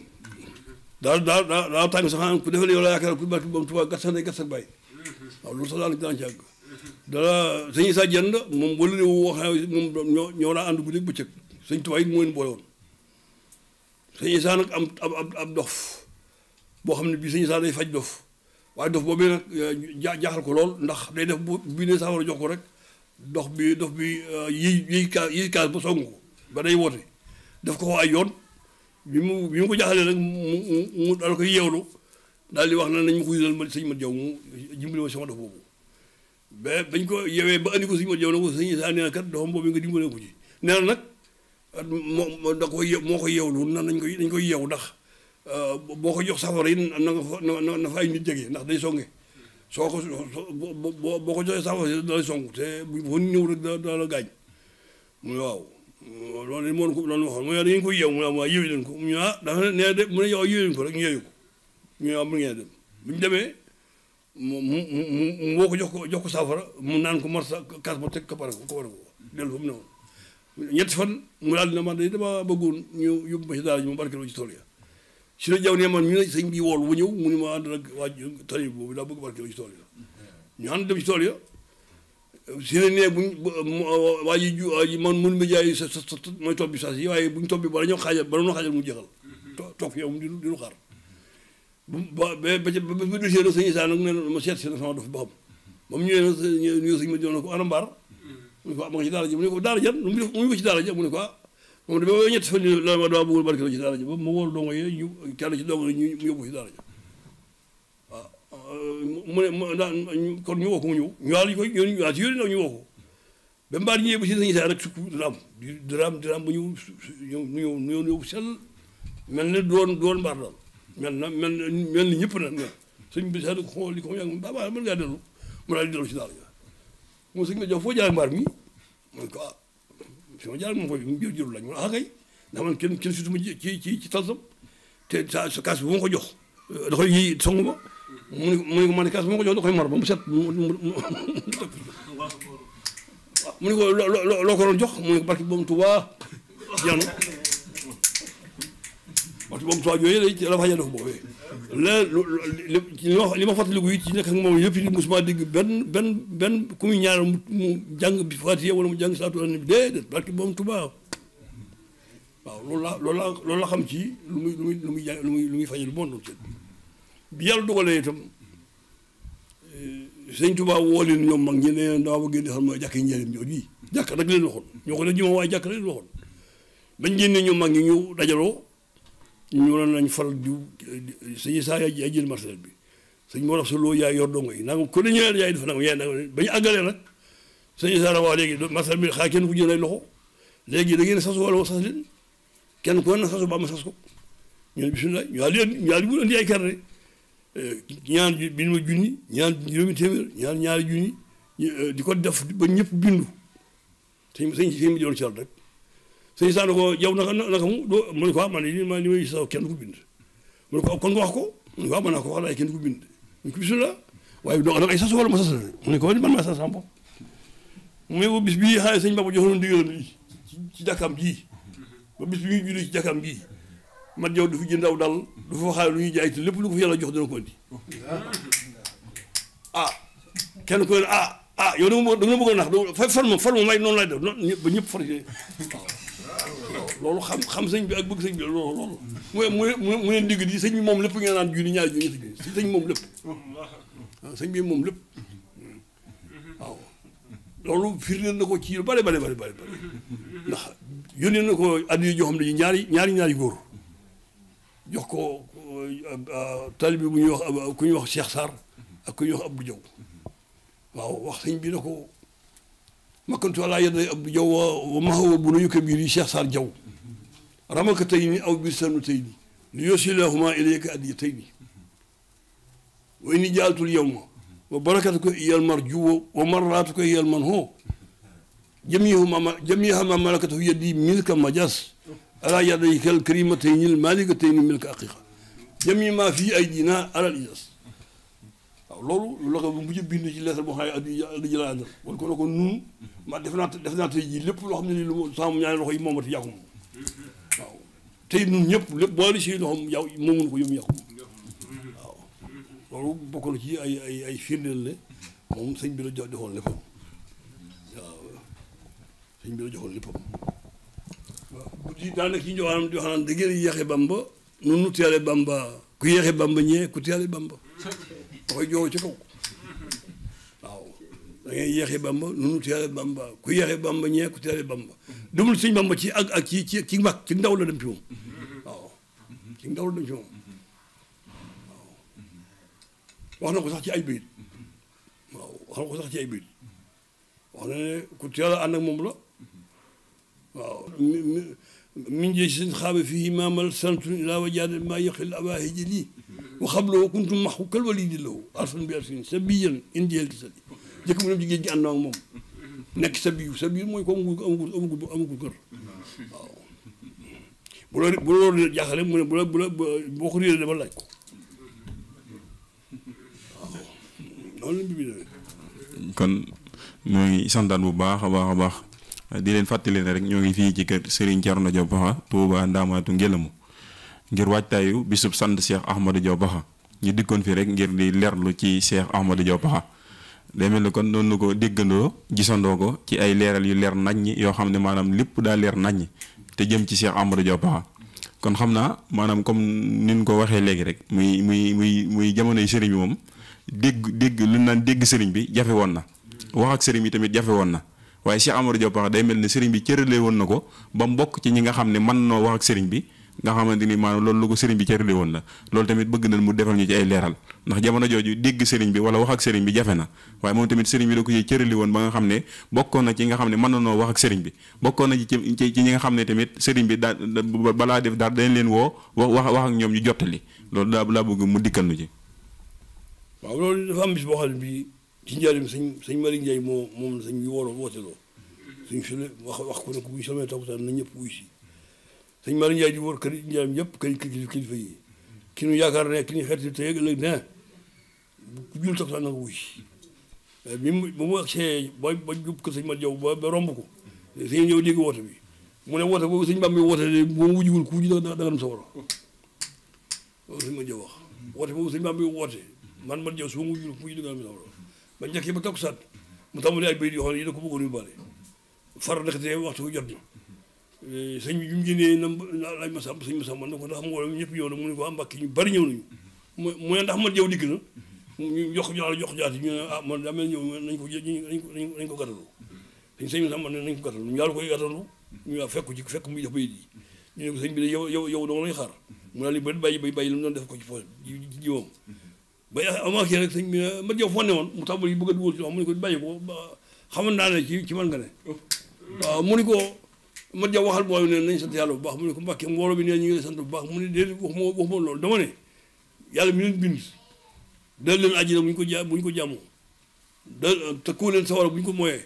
daal daal daal tàng sax ku defal la yaakaar ku barke borom Touba gàttal na gàttal bàyyi waaw loolu sax dala sëñ Issa Dieng moom wala wu wax moom ñoo ñoo daa ànd guddi bëccëg sëñ Tuubaa it moo leen boole woon sëñ Issa nag am ab ab dof boo xam ne bii sëñ Issa day faj dof waaye dof boobee nag eh, jaaxal ko lool ndax day def bu bii ne saafara jox ko rek dox bi dof bi eh, yiy yiy kaas yiy kaas ba song ko ba day woote def ko ay yoon bi mu bi mu ko jaaxalee nag mu mu mu dal ko yeewlu daal di wax na nañ ma ko yëgal ma sëñ ma jaw mu jimbali ma sama dof boobu ba bañ ko yewee ba andi ko suñu mot yow na ko sëñ Issa nee na kat doxam boobu nga dimbale ko moo ko moo ko yewlu na nañ koy dañ koy yew ndax euh, boo ko jox safara yi na nga fa na fa ay nit jege ndax day songe soo ko boo ko joxee safara yi da lay song te bu fa ñëw rek da gaañ mu waaw loolu moon ko loolu waxoon mu ne dañu koy yew mu ne waaw yewi leen ko mu ne ah dafa ne leen ko rek ñu yewu ko ñu ne waaw mën ngeen dem bu ñu mu mu mu mu woo ko jox ko jox ko saafara mu naan ko morsa kaas ba teg ko pare ko ko mu ne woon fan mu daal dina man de dama bëggoon ñu yóbbu ma si daal ñu ma barkeeloo tool ya si la jaw ne man ñu ne sëñ bi ñëw mu ne ma ànd nag waa tali boobu daa bëgg barkeeloo ci ñu ànd dem ci tool ya si ne nee buñ waa ji waa ji man mun ma jaay sa bi saas yi waaye buñ topp bi bala ñoo xaajal bala ñoo xaajal mu jeexal toog fi yow di di lu xaar bu ba ba ca ba bu dul seen sëñ Issa nag nee ma seet si na sama dof boppam moom ñëwee na ñëw sëñ ma jox na ko ana mbaar mu ne ko ah, ma nga ci daara ji mu ne ko daara jan mu ne ko mu ko ci daara ja mu ne ko ah. moom dama ñett fan la ma dama bëggul barkeel ci daara ja ba ma wóor dongo yi ñu kenn ci dongo yi ñu yóbbu ci daara ja ah, mu ne mu daan kon ñu woo ko mu ñëw ñu waal ko ñu waal ci yónni nag ñu woo ko ba mbaar ñëwee ba si sëñ Issa rek sukk diraam diraam diraam ba ñëw ñëw ñëw ñëw sell mel ne doon doon mbaar daal mel na mel mel ni ñëpp na mel sëñ bi sax xool li ko yàgg mu baax mën ngaa dellu mu daal di dellu si daal ja moom sëñ bi jox foo jaar mbaar mi man ko ah fi ma jaar moom ko biir jurul lañ ma kenn kenn sutuma ci ci ci talsam ko jox euh, da koy mu ne mu ne ko man kaas bi ko jox da koy mar mu set mu mu mu ne ko loo ko doon jox mu ne ko barke boobu Tuubaa jeex na parce que moom tubaab yooyu la ci la wax dafa boobee léegi li ma fàttaliku yi ci nekk ak moom yëpp it mosuma dégg benn benn benn ku muy ñaanal mu jàng bi Faatiha wala mu jàng saatu lan bi déedéet parce que moom tubaab waaw loolu la loolu la loolu la xam ci lu muy lu muy lu muy jàng lu muy lu muy fajal bon bi yàlla dogalee itam eh, sëñ tubaab woo leen ñoom mag ñi ne dama bëgg di xam mooy jàkk yi njëriñ jooju jàkk rek leen waxoon ñoo ko def ji ma waaye jàkk rek leen waxoon bañ génne ñoom mag ñi ñu dajaloo ñu waroon nañ fal diw sëñ saa yaay jël marcel bi sëñ moo tax sa loo yaay yor dongo yi nangam ko ne ñu yaay dafa nangam yaay nangam ba ñu àggalee nag sëñ saa la waa léegi marcel bi xaa kenn ku jël ay loxo léegi da ngeen sas wala sas leen kenn ku ne sasu ba ma sas ko ñun bisimilah ñu daal di ñu daal di andi ay carnet ñaan bi ma junni ñaan juróomi téeméer ñaan ñaari junni eh, di ko def ba ñëpp bindu sëñ sëñ sëñ bi doon ci rek sëñ Issa ne ko yow naka naka mu doo mu ne ko ah, man li ma li may gis kenn ko bind mu ne ko ah, kon wax ko mu ne ko ah, mën naa ko wax la ay kenn ko bind mu ne ko bisimilah waaye donc ay sas wala ma sas la mu ne ko man maa sas sama bopp mu ne ko bis bii xaaral sëñ Baba joxoon ndigalam ci ci jàkkaam ji ba bis bi ñuy julli ci jàkkaam ji man yow du fi jënd aw dal du fa xaar lu ñuy jaay te lépp lu ko fi yàlla jox dina ko indi ah kenn ko ah ah yow dama bëgg dama bëgg a nax fan ma fan ma may noonu laay def ba ñëpp far waaw loolu xam xam sëñ bi ak bëgg sëñ bi loolu loolu mu ne mu ne ndigg di sëñ bi moom lépp ngeen naan junni ñaari junni ah, sëñ bi moom lépp waaw sëñ loolu firndeel na ko ci lu bare bare bare bare ndax yónnee na ko addi joo xam ne ñaari ñaari ñaari góor jox ko ah, talib bu ñuy wax ku ñuy wax Cheikh Sarr ak ku ñuy wax Abdou Diaw waaw wax sëñ bi na ko makantu ala yaday ab jaw wa mahawa bu nayu kabiri Cheikh Sarr Diaw ramaka tey ni aw bir sanu tey ni li yosilahuma ilayka adiyatayni wa inni jaaltul yawma wa barakatuka iyal marjuwa wa marratuka iyal manho jamihuma jamihama malakatu yadi milka majas ala yadayka alkarimatayni almalikatayni milka aqiqa jami ma fi aydina ala al ijas waaw loolu la ko mujj bind ci leesal boo xam ne ak ak jëlaat àndal wala ko ko nun ma def naa def naa tey jii lépp loo xam ne nii lu sama ñaari loxo yi moomati yàqu moom waaw tey nun ñëpp lépp boole si loxoom yow moomuñu la sëñ bi di daanaka ci da ngeen yéexe bamba nun nu teele bamba ku yéexe bamba ñee ku teele bamba koy joow ci kaw waaw da ngay yeexi bamba nunu teele bamba ku yeexi bamba ñee ku teele bamba dumul sëñ bamba ci ak ak ci ci ci ci ndaw la dem ci moom la dem ci ci ay bayit wax na ko sax ne ku teel a ànd ak moom la waaw min si seen xaabe fii maamal santu laa wajaade maa yëqil abaahi ji lii waxam loo kuntum max ku kël wali di law bi arsin sa bi yén indiyel nekk sa biyu sa mooy ko amagul amagul amagul amagul kër waaw bu loolu bu loolu ngi santaan bu baax a baax a baax di leen fàttali rek ñoo ngi fii ci kër Serigne Thierno Diop Paxa Touba Ndamatou Ngélamu ngir waajtaayu bisub sant Cheikh Ahmadou Diaw Pakha ñu dikkoon fii rek ngir di leerlu ci Cheikh Ahmadou Diaw day mel ni kon noonu la ko déggandoo gisandoo ci ay leeral yu leer naññi yoo xam ne maanaam lépp daa leer naññi te jëm ci Cheikh Ahmadou Diaw kon xam naa maanaam comme nin ko waxee léegi rek muy muy muy muy jamonoy sëriñ bi moom dégg dégg lu naan dégg sëriñ bi jafe woon na wax ak sëriñ bi tamit jafe woon na waaye Cheikh Ahmadou Diaw day mel ni sëriñ bi cëralee woon na ko ba mbokk ci ñi nga xam ne mën noo wax ak sëriñ bi nga xamante ni maanaam loolu lu ko sëriñ bi cërale woon la loolu tamit bëgg nañ mu defal ñu ci ay leeral ndax jamono jooju dégg sëriñ bi wala wax ak sëriñ bi jafe na waaye moom tamit sëriñ bi da woon ba xam ne bokkoon na ci nga xam ne mën na noo wax ak sëriñ bi ci ci ci ñi ne tamit sëriñ bi daa balaa def daal dañ leen woo wax wax ak ñoom ñu jottali loolu daa laa bëgg mu dikkal nu ci waaw loolu dafa am bis boo xam ne bi ci njaarim sëñ sëñ Malick Ndiaye moo moom sëñ bi wooloo wooteloo suñ sule wax wax ko ne ko buñ solmee takutaan ñëpp wuy si sëñ Malick Ndiaye di wër kër Ndiaye yëpp kër kilifa yi ki ñu yaakaar ne ki ñu xeeti tey ëllëg ne ku jul tax sax nanga wuy eh, bi mu ba mu agsee ba ba jub ko sëñ Malick Diaw ba ba romb ko sëñ ñëw dégg woote bi mu ne woote boobu sëñ Bam bi woote de moom wujjul ku wujj da nga dem sa war loolu sëñ Malick Diaw wax woote boobu sëñ Bam bi woote man Malick Diaw su ma wujjul ku wujj da nga dem sa war ba njëkkee ba takku saat mu tàmbalee ay béy yoo xam ne yi da ko bëggoon yu bari far nag te waxtu jot na Eh, sëñ bi bi mu génnee na laaj ma sàmm sëñ ma sàmm na ko ndax mbooloo ñëpp ñëw na mu ne ko ah, mbàkki ñu bari ñëw nañu mhm. mu ne ndax man jëw dikk na ñu jox ñaar jox jaati ñu ne ah man daa mel ñëw nañ ko nañ ko gàttalu mhm. sëñ sëñ ma sàmm ne nañ ko gàttalu ñu daal koy gàttalu mhm. ñu waa fekku ci fekk muy def bayit yi ñu ne ko sëñ bi de yow yow yow dong lay xaar mu daal di ba bàyyi bay bàyyi lu mu doon def ko ci poos ci jiwam ba avant kii rek sëñ bi ma jëw fonne woon mu tàmbali bëgg a dugal ci wax mu ne ko bàyyi ko xaman naa ne ci ci man nga ne oh. waaw mu ne ko mat jaw waxal booy ne nañ sant yàlla bu baax mu ne ko mbàkke mbooloo bi ne ñu ngi sant bu baax mu ne déedéet ko ja bu ñu ko jàmmoo dal tëkkoo leen sawara ñu ko mooyee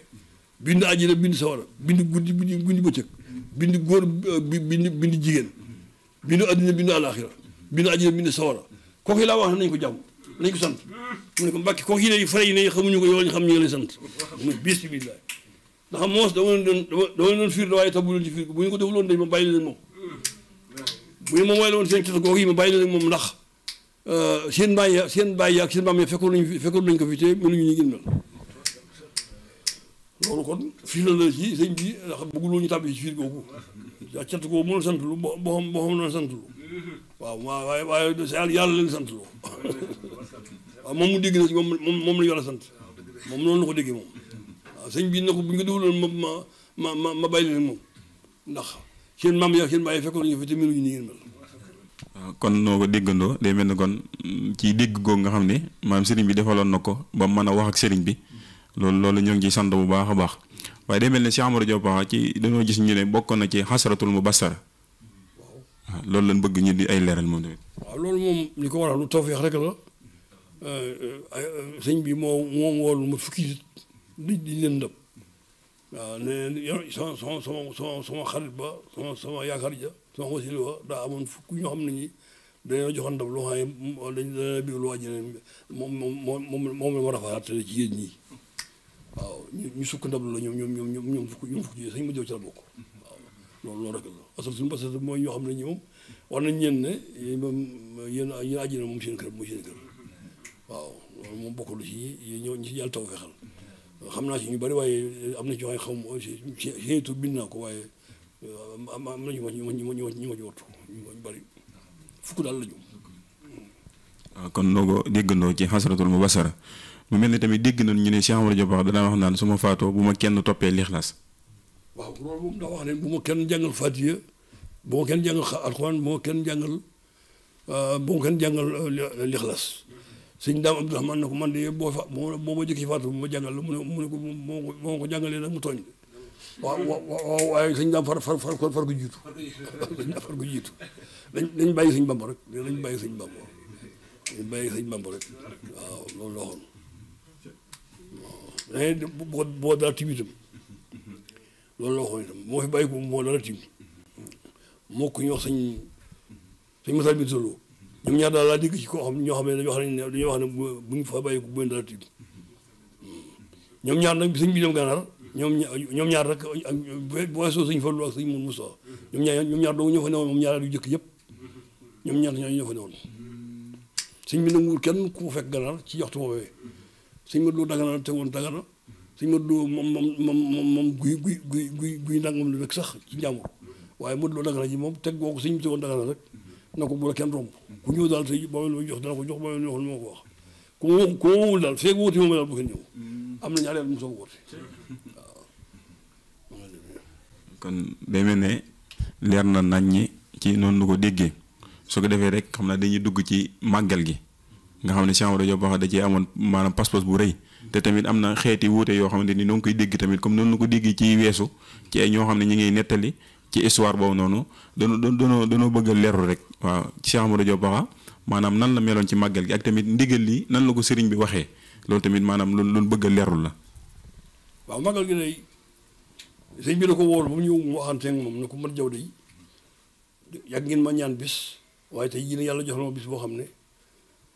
bind àjjana bind bind guddi bind guddi bind góor bind bind jigéen bind àddina bind àlaaxira bind àjjana bind sawara kooku yi laa wax nañ ko ko sant mu ne ko mbàkke kooku yi ne fare yi ne xamuñu ko yow lañ xam ñu ngi lay sant mu bis billaah ndax moos dama leen doon dama leen doon fiir la waaye tax bu leen ci fiir bu ñu ko defaloon dañ ma bàyyi leen moom bu ñu ma wayla woon seen cosgoog yi ma bàyyi leen moom ndax euh, seen bàyyi seen bàyyi ak seen maam yi fekkoon nañ fekkoon nañ ko fi te mënuñu ñu gën loolu kon fii la la ci sëñ bi ndax bëgguloo ñu tàbbi ci fiir googu ak cant googu mënul sant lu boo xam boo xam noonu sant lu waaw waaw waaye waaye yàlla leen sant lu waaw moom mu dégg na ci moom moom la yàlla sant moom noonu la ko déggee moom sëñ bi nag ko bu ñu ko dugaloon ma ma ma ma bàyyi leen moom ndax seen maam yaa seen bàyyi fekkoon ñu fi te mënuñu nii mel. Ah, kon noo ko déggandoo day mel ne kon ci dégg googu nga xam ne maam sëriñ bi defaloon na ko ba mën a wax ak sëriñ bi loolu loolu ñoo ngi ciy sant bu baax a baax waaye day mel ne Cheikh Amadou Diop ah, ci dañoo gis ñu ne na ci xasaratul mu basara waaw ah, loolu lañ bëgg ñu di ay leeral moom loolu moom li ko waral lu tawfeex rek la euh, euh, euh, sëñ bi moo moom woolu ma fukki nit ñi lëndëm waaw nee sama sama sama sama sama xarit ba sama sama yaakaar ja sama wasila ba daa amoon fukk ñoo xam ne ñi dañoo joxoon ndab loo xam ne dañ moom moom moom moom la ma rafetlu ci ñi waaw ñu sukk ndab la ñoom ñoom ñoom ñoom ñoom fukk ñoom fukk ma jëw ci la bokk waaw loolu que suñu parce que xam ne ñi moom war nañ ñeen ne yéen moom yéen yéen àjjina moom seen waaw loolu moom bokkul ci yi ñoo ñu si yàlla taw xam naa ci ñu bari waaye euh, am na ci waaye xam seen tur bind naa ko waaye euh, am na ñu ma ñu ma ñu ma ñu ma ñu wattu ñu bari fukk daal la ñu. waaw ah, kon noo ko déggandoo ci xasaratul mu basara mu mel ne tamit dégg nañ ñu ne Cheikh Amadou Diop wax danaa wax naan su ma faatoo bu ma kenn toppee lixlaas. waaw loolu moom daa wax ne bu ma kenn jàngal Fatiha bu ma kenn jàngal alxuraan bu ma kenn jàngal euh, bu ma kenn jàngal lixlaas. sëñ daam Abdourahman na ko man de boo fa boo ma jëkki faatu bu ma jàngal mu ne mu ne ko moo ko jàngalee nag mu tooñ waaw waaw waaye sëñ daam far far far jiitu dañ dañ bàyyi sëñ dañ bàyyi sëñ bamba rek waaw loolu la waxoon waaw da boo boo dara tim itam loolu la waxoon itam moo fi bàyyi ko moo dara tim moo ko ñu wax sëñ masal bi solo ñoom ñaar daal laa dégg ci koo xam ñoo xam ne dañoo xam ne dañoo wax ne bu ñu fa bàyyi ko bu dara tiit ñoom ñaar nag sëñ bi dem gànnaar ñoom ñoom ñaar rek ak bu weesoo sëñ Fallu ak sëñ Mun Musaa ñoom ñaar ñoom ñaar dong ñoo fa newoon moom ñaar yu jëkk yëpp ñoom ñaar ñoo ñoo fa newoon sëñ bi nanguwul kenn ku fekk gànnaar ci waxtu woowee sëñ Modou Lo dagana te woon dagana sëñ Modou Lo moom moom moom moom guy guy guy guy guy ndàngam la rek sax ci njàmbur waaye Modou Lo dagana ji moom teg boo ko sëñ bi te woon dagana rek na ko bu kenn romb ku ñëw daal jox dana ko jox bawel ma jox li ko wax ku woo ku woowul daal feeg wóote mm. am na ñaari at mu kon day mel ne leer na nañ ñi ci noonu lu ko déggee su ko defee rek xam naa dañuy dugg ci màggal gi nga xam ne Cheikh Amadou Diop wax da cee amoon maanaam pas-pas bu rëy te tamit am na xeeti wuute yoo xamante ni ñoo ngi koy dégg tamit comme noonu ko dégg ci weesu ci ay ñoo xam ne ñu ngi nettali ci histoire boobu noonu danoo danoo danoo bëgg a leeru rek waaw Cheikh Amadou Diop Baxa maanaam nan la meloon ci màggal gi ak tamit ndigal li nan la ko sëriñ bi waxee loolu tamit maanaam lu lu bëgg a leerul la. waaw màggal gi day sëñ bi da ko wóor ba mu ñëw mu waxanteeg moom ne ko man jaw day yàgg ngeen ma ñaan bis waaye tey jii yàlla jox na ma bis boo xam ne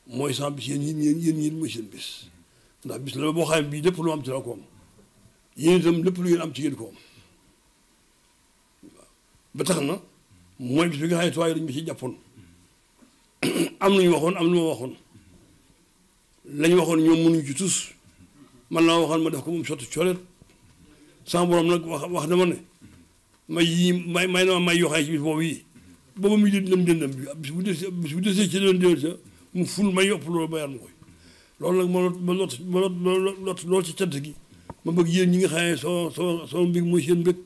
mooy sans bis yéen yéen yéen seen bis ndax bis la boo xam ne bii lépp lu am ci la ko am yéen lépp lu ngeen am ci ngeen ko am ba tax na. mooy bis bi nga xam ne tubaab yi dañu si jàppoon am lu ñu waxoon am lu ma waxoon la waxoon ñoom mënuñu ci tus man laa waxoon ma def ko moom sotti cooleet sama borom nag wax wax na ne may yii may may na ma may yoo xam ne ci bis boobu yi boobu mu dem déndam bi bis bu des bis bu desee ci mu ful may ëpp loolu bayaan ma koy loolu nag ma lot ma lot ma lot lot lool ci cant gi ma bëgg yéen ñi nga xam ne soo soo soo mbig mooy seen mbég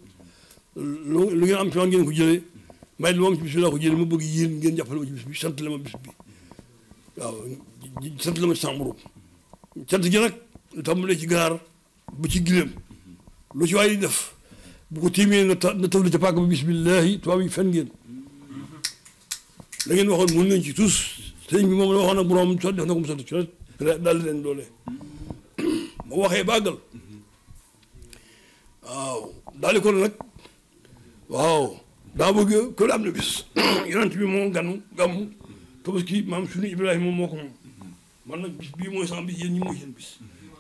lu ngeen am ci waan ngeen ko jëlee mbay mi moom ci bis bi laa ko bëgg yéen ngeen jàppale ma ci bis bi sant la ma bis bi waaw sant la ma ci sàmburu sant gi nag lu tàmbalee ci gaar ba ci gileem lu ci waay def bu ko tiimee na ta na tawlu ca paak ba bisimilahi yi fen ngeen la ngeen waxoon mën ngeen ci tous sëñ bi moom la waxoon ak borom so def na ko mu sant ci rek daal leen doole ma waxee bàggal waaw daal di ko nag waaw. daa bëgg ko am na bis yonent bi moo ganu gàmmu tabaski maam suñu Ibrahima moom moo ko moom man na bis bii mooy sama bis yéen ñi mooy seen bis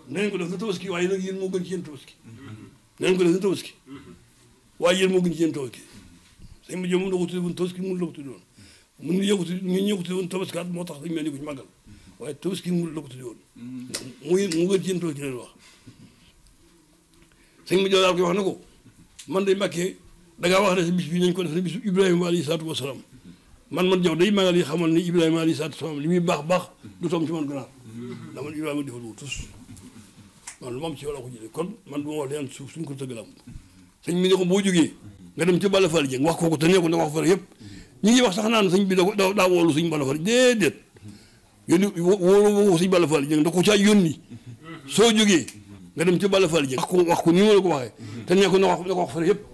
na ngeen ko def na tabaski waaye nag moo gën ci yéen tabaski na ngeen ko def na tabaski waaye yéen moo gën ci yéen tabaski sëñ ma jëm mun la ko tuddee woon tabaski mun la ko tuddee woon mun ñu yëkkati ñu ñu yëkkati woon moo tax dañu mel ni ko ci màggal waaye la ko tuddee woon ndax muy mu wax na ko man day màkkee dangaa wax ne sa bis bi nañ ko def ne bisu Ibrahima alayhi salaatu wa salaam man man jaw day magal yi salaam li muy baax baax du toom ci man gannaaw ndax man Ibrahima defal wu tus man lu ma am ci walla ko jëlee kon man du ma wax leen suuf suñ ko tëgg la am sëñ bi ne ko boo jógee nga dem ca Balla Fall Dieng wax kooku te nee ko da nga wax far yëpp ñu ngi wax sax naan sëñ bi da ko daa woolu suñ Balla Fall déedéet yónni wóolu woo suñ Balla Fall Dieng da ko caa yónni soo jógee nga dem ca Balla Fall Dieng wax ko wax ko ni ma waxee te nee ko na ko wax yëpp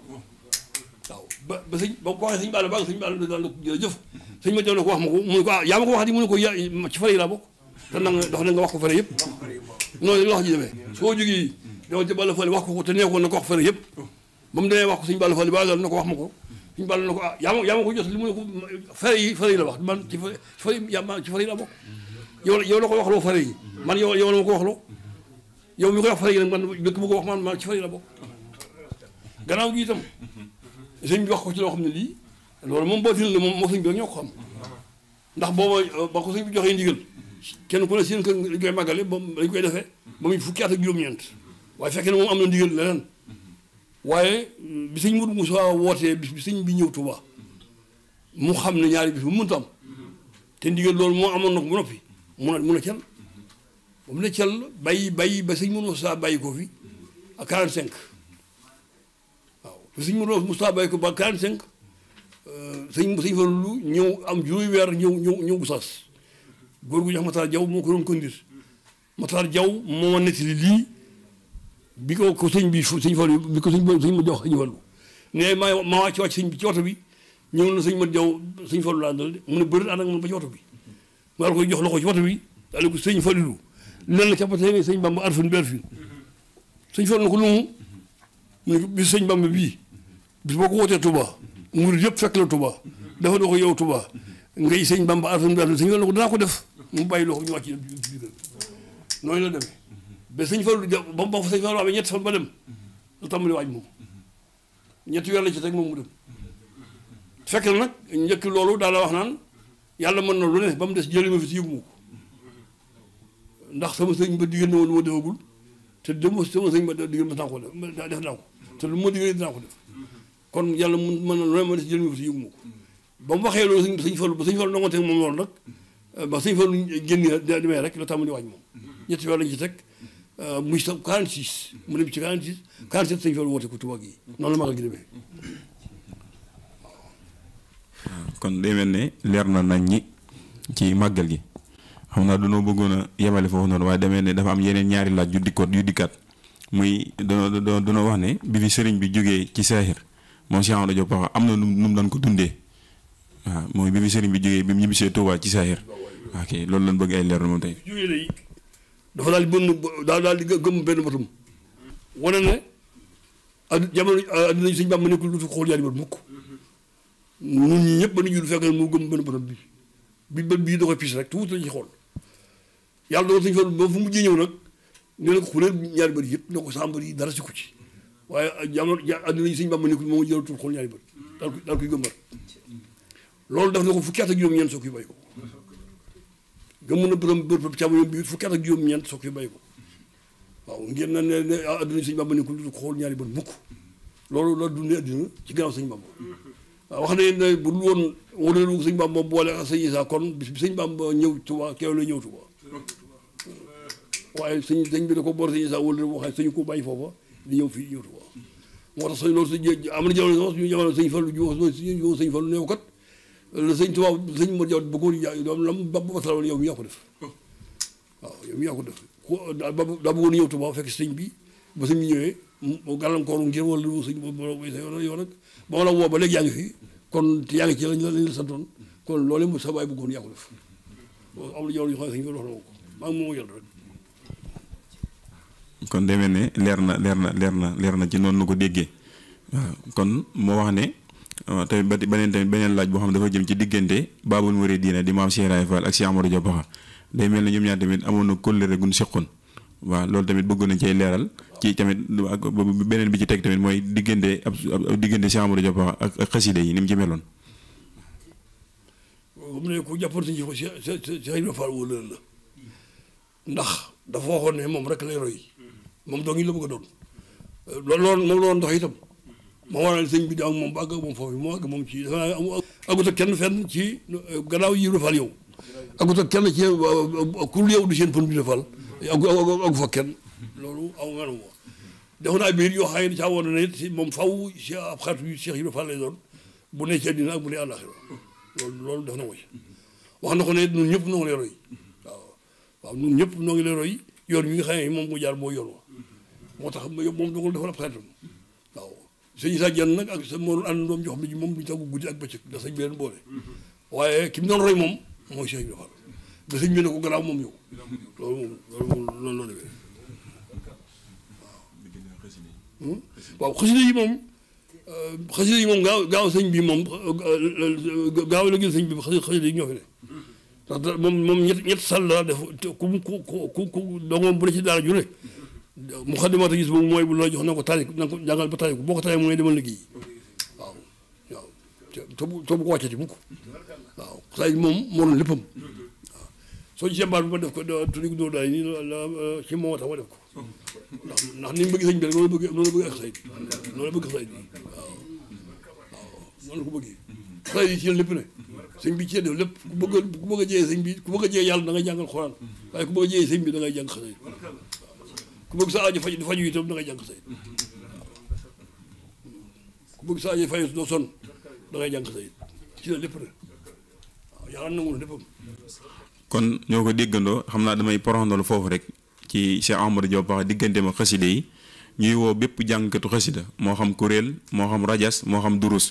ba ba sëñ ba ko waxee sëñ Balla ba sëñ Balla daan na ko jërëjëf sëñ ma jël na ko wax ma ko mu ne ko ah yaa ko wax di mu ko yaa yi laa bokk te dox na nga wax ko fare yëpp noonu la wax ba mu demee wax ko sëñ Balla Fally ba na ko wax ma ko sëñ Balla ah, ma yaa ma ko jot li mu ne ko fare yi fare man ci fare la ko wax loo fare yi ma ko wax loo yow mi ko wax fare yi nag man dëkk ma ko wax man man ci fare yi la bokk gannaaw gi itam sëñ bi wax ko ci loo xam ne lii loolu moom boo la moom moo sëñ bi rek ñoo ko xam ndax booba euh, ba ko sëñ bi kenn ku ne seen kër koy màggale ba dañ koy defee ba muy fukki at ak juróom-ñeent waaye fekkee ne am na ndigal leneen waaye euh, bi sëñ Mourou Moussa wootee bis bi sëñ bi ñëw Tuubaa mu xam ne ñaari bis bu mënta am te ndigal loolu moo amoon na ko noppi mun a mun a cal ba mu ne cal ba sëñ Mourou Moussa bàyyi ko fi à 45. sëñ Mourou Moustapha bàyyi ko ba 45 euh, sëñ sëñ Fallou ñëw am juróomi weer ñëw ñëw ñëw Gossas góor gu ñu wax Matar Diaw moo ko doon conduire Matar Diaw moo ma nettali lii bi ko ko sëñ bi sëñ Fallou bi ko sëñ bi sëñ ma jox sëñ Fallou ne bi ci oto bi ma Diaw sëñ Fallou laa àndal mu ne bëri ànd ak ci oto bi ma la koy jox loxo ci oto bi daal ko sëñ Fallou lan la capatee ne sëñ Bamba arfin berfin sëñ ko lu mu bi sëñ Bamba bii bis boo ko wootee Touba murid yëpp fekk la Touba dafa doo ko yow Touba ngay sëñ Bamba atum daal sëñ la ko danaa ko def mu bàyyi loo ko ñu wàcc noonu la demee ba sëñ Fallu ba ba sëñ Fallu amee ñetti fan ba dem la tàmbali waaj moom ñetti weer la ci teg moom mu dem fekk na njëkk loolu daal wax naan yàlla mën na lu ne ba mu des jëli ma fi si ndax sama sëñ ba diggante woon ma defagul te dama sama sëñ ba diggante ma naa ko def te lu ma diggante dinaa ko def kon yàlla mun man na loo mën si jëriñu si yëngu ma ko ba mu waxee loolu sëñ sëñ Fallu ba sëñ Fallu nongoonte moom loolu nag eh, ba sëñ Fallu génn demee rek la tàmbali wàññi moom ñetti weer lañu ci teg eh, muy sa 46 mu ci 46 47 sëñ Fallu woote ko tubaab yi noonu la magal ne leer na nañ ñi ci màggal gi xam naa dañoo bëggoon a yemale foofu noonu waaye demee ne dafa yeneen ñaari laaj yu dikkoot yu dikkaat muy danoo danoo wax ne bi fi sëriñ bi jógee ci saaxir moom Cheikh Amadou Diop Paxa am na nu mu doon ko dundee waaw mooy bi bi sëriñ bi jógee bi mu ñibbisee Touba ci saahir ok loolu lañ bëgg ay leer moom tey. dafa daal di bënn daal daal di gëm benn botum wane ne ad jamono adduna ah, suñu ma nekkul lu xool yaa di ñëpp ba ñu fekk mu gëm benn botum bi bi bët bii da koy piis rek tuuti la xool yàlla dogal suñu fa ba fu ñëw nag nee na ko xulee ñaari bët yëpp na ko sàmbar yi dara si ku ci waaye jamono àdduna yi sëñ Bàmba ne ko moom jëlatul xool ñaari bët daal daal koy gëmbar loolu def na ko fu at ak juróom soog koy bàyyi ko gëmm na borom bët càmmoñam bi fukki at ak juróom-ñeent soog koy bàyyi ko waaw ngeen na ne ne àdduna yi sëñ ko xool ñaari bët mukk loolu la dundee àdduna ci gannaaw sëñ Bàmba wax nañ ne bu dul woon wóoleelu sëñ Bàmba boole ak sëñ kon bis bi sëñ Bàmba ñëw Tuubaa keew la ñëw Tuubaa waaye sëñ sëñ bi da ko boor sëñ Isaa wóoleelu waxee sëñ ko bàyyi foofa di ñëw fii ñëwtu ko moo tax sëñ loolu sëñ am na jamono suñu jamono sëñ Fallu ju sëñ Fallu neew kat la sëñ Tuubaa sëñ Mor Jaw bëggoon jaay doom lam ba basala woon yow mi yaa ko def oh. waaw yow mi yaa ko def daa bi ba sëñ bi ñëwee gàllankooru ngir wala lu sëñ yow nag ba ma la woo kon te la santoon sa baay bëggoon yaa ko def am na jamono yoo xam ne sëñ bi wax na ko maa ngi moo jël rek kon demee ne leer na leer na leer na leer na ci noonu la ko déggee kon moo wax ne tamit ba beneen tamit beneen laaj boo xam ne dafa jëm ci diggante baabul muridiina di maam Cheikh Ibra Fall ak Cheikh Amadou Dia day mel ne ñoom ñaar tamit amoon na kóllëre gun seqoon waaw loolu tamit cee leeral ci tamit beneen bi ci teg tamit mooy diggante diggante Cheikh Amadou Dia Baxa ak yi ni mu ci meloon. mu ne ku jàppoon si Cheikh Ibra waxoon ne moom rek lay roy. moom doo ngi la bëgg doon loolu moom la doon itam moom waral sëñ bi di ak moom ba àgg ak moom foofu mu àgg moom ci dafa kenn fenn ci eh, gannaaw yi fal kenn ci eh, kurul yow du seen pën bi defal loolu aw nga wax def naa biir yoo xam ne caa na it moom faw si ab xaatu yu Cheikh Ibra Fall bu ne ci àddina ak bu ne àllaaxira loolu loolu def na wax na ko ne ñëpp noo ngi lay waaw waaw ñun ñëpp noo ngi lay roy yoon wi nga xam ne moom mu jaar moo yoon wa moo tax moom dogal dafa la xeetu waaw sëñ Issa nag ak sa moom àndandoom jox mi moom duñu tàggu guddi waaye ki mu doon roy moom mooy sëñ bi moom yow loolu moom loolu moom hmm? euh, sëñ bi moom euh, bi xasida yi ñoo fi ne ndax moom moom ci daara ju mu xaddimata gis boobu mooy bu la jox na ko tari na ko jàngal ba tari ko boo ko taree mu ne demal liggéey waaw waaw te bu te bu ko wàccati mukk waaw saa yi moom moo doon léppam waaw soo gisee baat bi ma def ko tuddi ko dóor daal nii la ci moom tax ma def ko ndax ndax ni mu bëgg sëñ bi rek noonu bëgg noonu bëgg ak sayt noonu bëgg sayt waaw waaw noonu ko bëggee sayt yi ci lépp ne sëñ bi ci def lépp ku bëgg ku bëgg a jëyee sëñ bi ku bëgg a jëyee yàlla da ngay jàngal xoraan waaye ku bëgg a jëyee sëñ bi da ngay jàng xasay ku bëgg sa aajo faj faju itam da ngay jàng sayit ku bëgg sa aajo faju doo kon ñoo ko déggandoo xam naa damay poroxandalu foofu rek ci Cheikh Amadou Diop wax diggante ma xaside yi ñuy woo bépp jàngkatu xasida moo xam kuréel moo xam rajas moo xam durus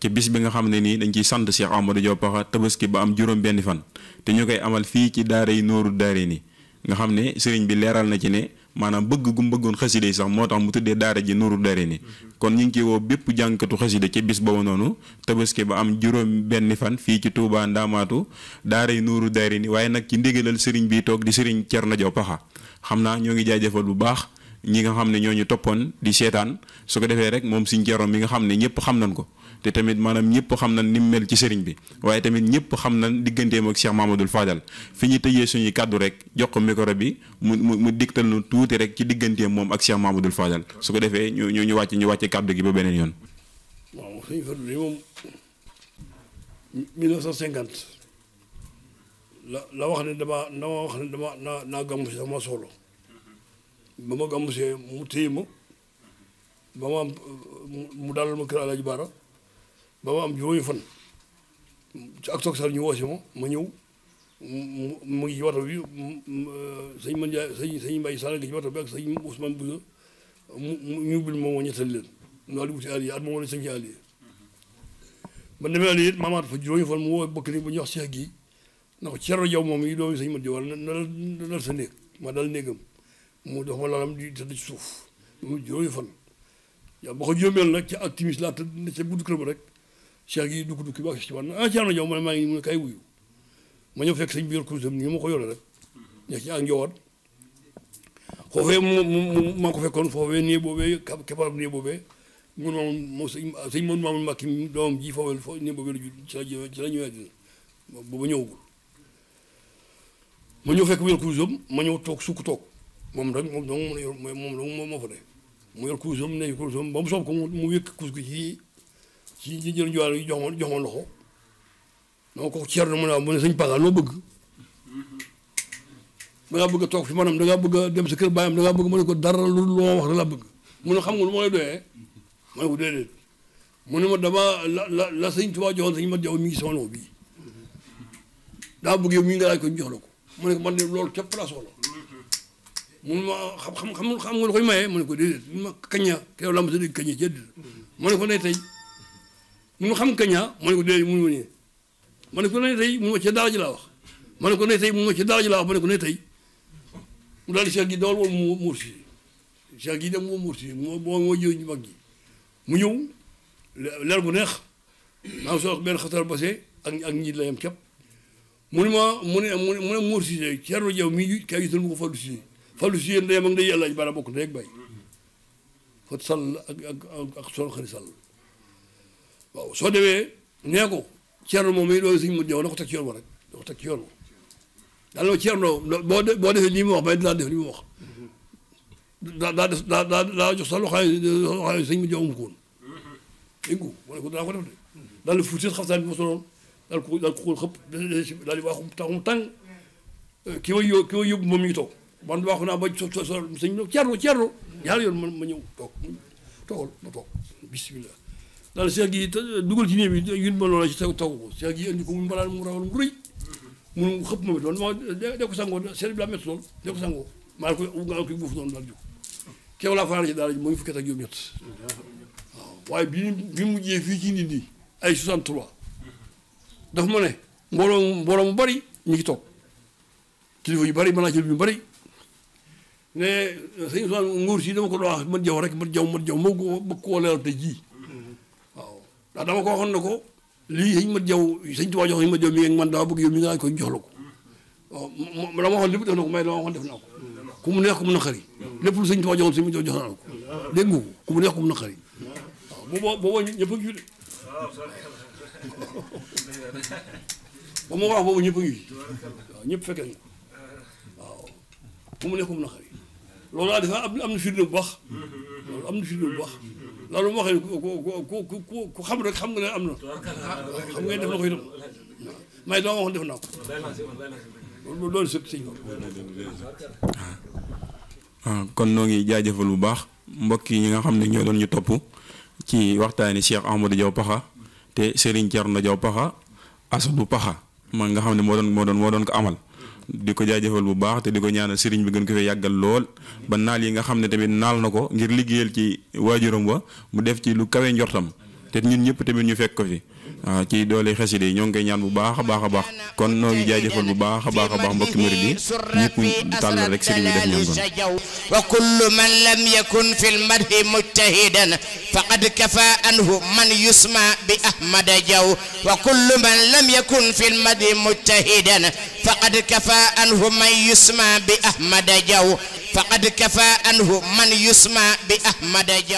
ci bis bi nga xam ne nii dañ ciy sant Cheikh Amadou Diop Paxa tabaski ba am juróom benn fan te ñu koy amal fii ci daara yi nooru daare ni nga xam ne sëriñ bi leeral na ci ne maanaam bëgg gu mu bëggoon xasida yi sax moo tax mu tuddee daara ji nuru dare ni kon ñu ngi ciy woo bépp jànkatu xasida ci bis boobu noonu tabaski ba am juróom benn fan fii ci Touba Ndamaatu daara yi nuuru dare ni waaye nag ci ndigalal sëriñ bi toog di sëriñ Thierno Diaw Paxa xam naa ñoo ngi jaajëfal bu baax ñi nga xam ne ñoo ñu toppoon di seetaan su ko defee rek moom suñ jaroom mi nga xam ne ñëpp xam nañ ko te tamit maanaam ñëpp xam nañ ni mu mel ci sëriñ bi waaye tamit ñëpp xam na digganteem ak Cheikh Mamadou Fadal fi ñu tëjee suñuy kàddu rek jox ko micro bi mu mu mu digtal nu tuuti rek ci digganteem moom ak Cheikh Mamadou Fadal su ko defee ñu ñu ñu wàcc ñu wàcc kàddu gi ba beneen yoon. waaw sëñ Fadou de moom 1950 la la wax ne dama dama wax ne dama naa naa gàmmu si dama soxla ba ma gàmmu see am mu dalal ma kër Alaaji Baara. ba ma am juróomi fan ci ak toog sax ñu woo si ma ma ñëw mu mu ngi ci waxtaan bi euh, sëñ Manja sëñ sëñ Mbaye Sall nga ci waxtaan bi ak sëñ Ousmane Bousso mu mu ñu ubbil moom moo ñettali leen loolu wuti àll yi at moom la sëñ ci àll yi man demee àll yi it maamaat fa juróomi fan mu woo bokk ni bu ñu wax Cheikh gi na ko Thierno Diaw moom yi doomi sëñ Manja wala na na dal sa néeg ma dal néegam mu dox ma lalam di tëdd ci suuf mu juróomi fan. yow ba ko juróomeel nag ca ak timis laa tëdd ca buntu kër ba rek. cheikh gi dugg dugg ba ci wàll ah Thierno Diaw man maa ngi mun a kaay wuyu ma ñëw fekk sëñ bi yor kurusam ni ma ko yore rek nekk ci ak njowaat foofee mu mu maa ko fekkoon foofee nee boobee keparam nee boobee mun ma moom sëñ Maodo Mamadou Mbacke doomam ji foofee foo nee boobee la ju ci la ci la ñëwee àddina booba ñëwagul ma ñëw fekk mu yor kurusam ma ñëw toog sukk toog moom rek moom dong moom dong moo fa ne mu yor kurusam ne kurusam ba mu soob ko mu wékk kus gi ci ci ci jël njuwaar yi jox ma jox ma loxo donc kooku Thierno mu ne ah mu ne sëñ Palla loo bëgg mm-hmm. da ngaa bëgg a toog fi maanaam da ngaa bëgg a dem sa kër baayam da ngaa bëgg mu ne ko dara lu lu ma wax da la bëgg mu ne xam nga lu ma lay doyee ma ne ko déedéet mu ne ma damaa la la la sëñ Tuubaa joxoon sëñ ma jaw mi ngi sama loxo bii mm-hmm. daa bëgg yow mi nga laaj ko jox la ko mu ne ko man de loolu képp laa soxla mm-hmm. mu ne ma xam xam xam nga lu koy maye mu ne ko déedéet ma kaña keroog laa ma sa dégg kaña ci mu ne ko ne tey mun nga xam kañaa ma ne ko déedéet mënu ma ne ma ne ko ne tey mënu ma ci daara ji laa wax ma ne ko ne tey mënu ma ci daara ji laa wax ma ne ko ne tey mu daal di Cheikh gi dawal woo muur si Cheikh gi dem woo muur si moo moo moo jëw ñu mag gi mu ñëw leer bu neex maa ngi soog benn xatar basé ak ak njiit la yam képp mu ne ma mu ne mu ne mu ne muur si Thierno Diaw mii kay gisul mu ko Fallou Cissé Fallou Cissé ndeyam ak ndey yàlla ji baara bokk ndey ak bay fat sàll ak ak ak sol xari sàll waaw soo demee nee ko Thierno moom mii loolu si mu ñëw na ko teg ci yoon rek na ko teg ci yoon ma daanaka Thierno boo de boo defee ba dinaa def nii mu wax daa daa def daa daa daa jox sax loo xam ne loo ko woon dégg nga ma ne ko dinaa ko def de daal di fuuteet xaftaan bi ma soloon daal ko daal ko xëpp daal di waaxu taxum tàng ki may yób ki may yóbbu moom mi ngi toog man waaxu naa ba so so sëñ bi Thierno Thierno ñaari yoon ma ma ñëw toog toogal ma toog bisimilah. daal seex gi dugal ci néeg bi yun ma loola ci taw taw ko seex gi indi ko mu mbalaan mu rawal mu rëy mun xëpp ma bi doon de ko sangoo seet bi laa métti lool de ko sangoo maa ji mooy fukki ak juróom mu mujjee fii ci nit ñi ay 63 dafa ne mbooloo mbooloo mu bari ñu ngi toog yu bari mën naa ci lu bari nguur si dama ko doon wax man jaw rek man jaw man jaw moo ko bëgg koo leeral te ji ndax ko waxoon na ko lii sëñ Mat Jaw sëñ Tuubaa jox sëñ Mat Jaw man dama bëgg yow mi nga laaj ko jox la ko waaw oh, la ma waxoon lépp def ko ko mu neex ku mu lépp lu sëñ Tuubaa joxoon sëñ Mat jox naa la ko dégg nga ko ku mu neex mu naqari waaw boobu boobu ngi fi ba ma wax boobu ngi fi waaw ñëpp fekke nañ ko mu neex ku loolu daal defe am na firnde bu bu baax loolu moo xam ku ku ku ku xam rek xam nga ne am na xam nga def ko itam def naa ko ah, kon noo ngi jaajëfal bu baax mbokk yi ñi nga xam ne ñoo doon ñu topp ci waxtaani Cheikh Ahmadou Diaw Pakha te Serigne Thierno Diaw Pakha Asadou paxa man nga xam ne moo doon moo doon moo doon ko amal di ko jaajëfal bu baax te di ko ñaanal sëriñ bi gën ko fee yàggal lool ba naal yi nga xam ne tamit naal na ko ngir liggéeyal ci waajuram wa mu def ci lu kawe njortam te ñun ñëpp tamit ñu fekk ko fi waaw ah, ci doole xasida yi ñoo ngi koy ñaan bu baax a baax a baax kon noo ngi jaajëfal bu baax a baax a baax mbokki murid yi ñëpp tàllal rek sëriñ bi def ñaan kon wa kullu man lam yakun fil madhi mujtahidan faqad kafa anhu man yusma bi ahmada jaw wa kullu man lam yakun fil madhi mujtahidan faqad kafa anhu man yusma bi ahmada jaw faqad kafa anhu man yusma bi ahmada jaw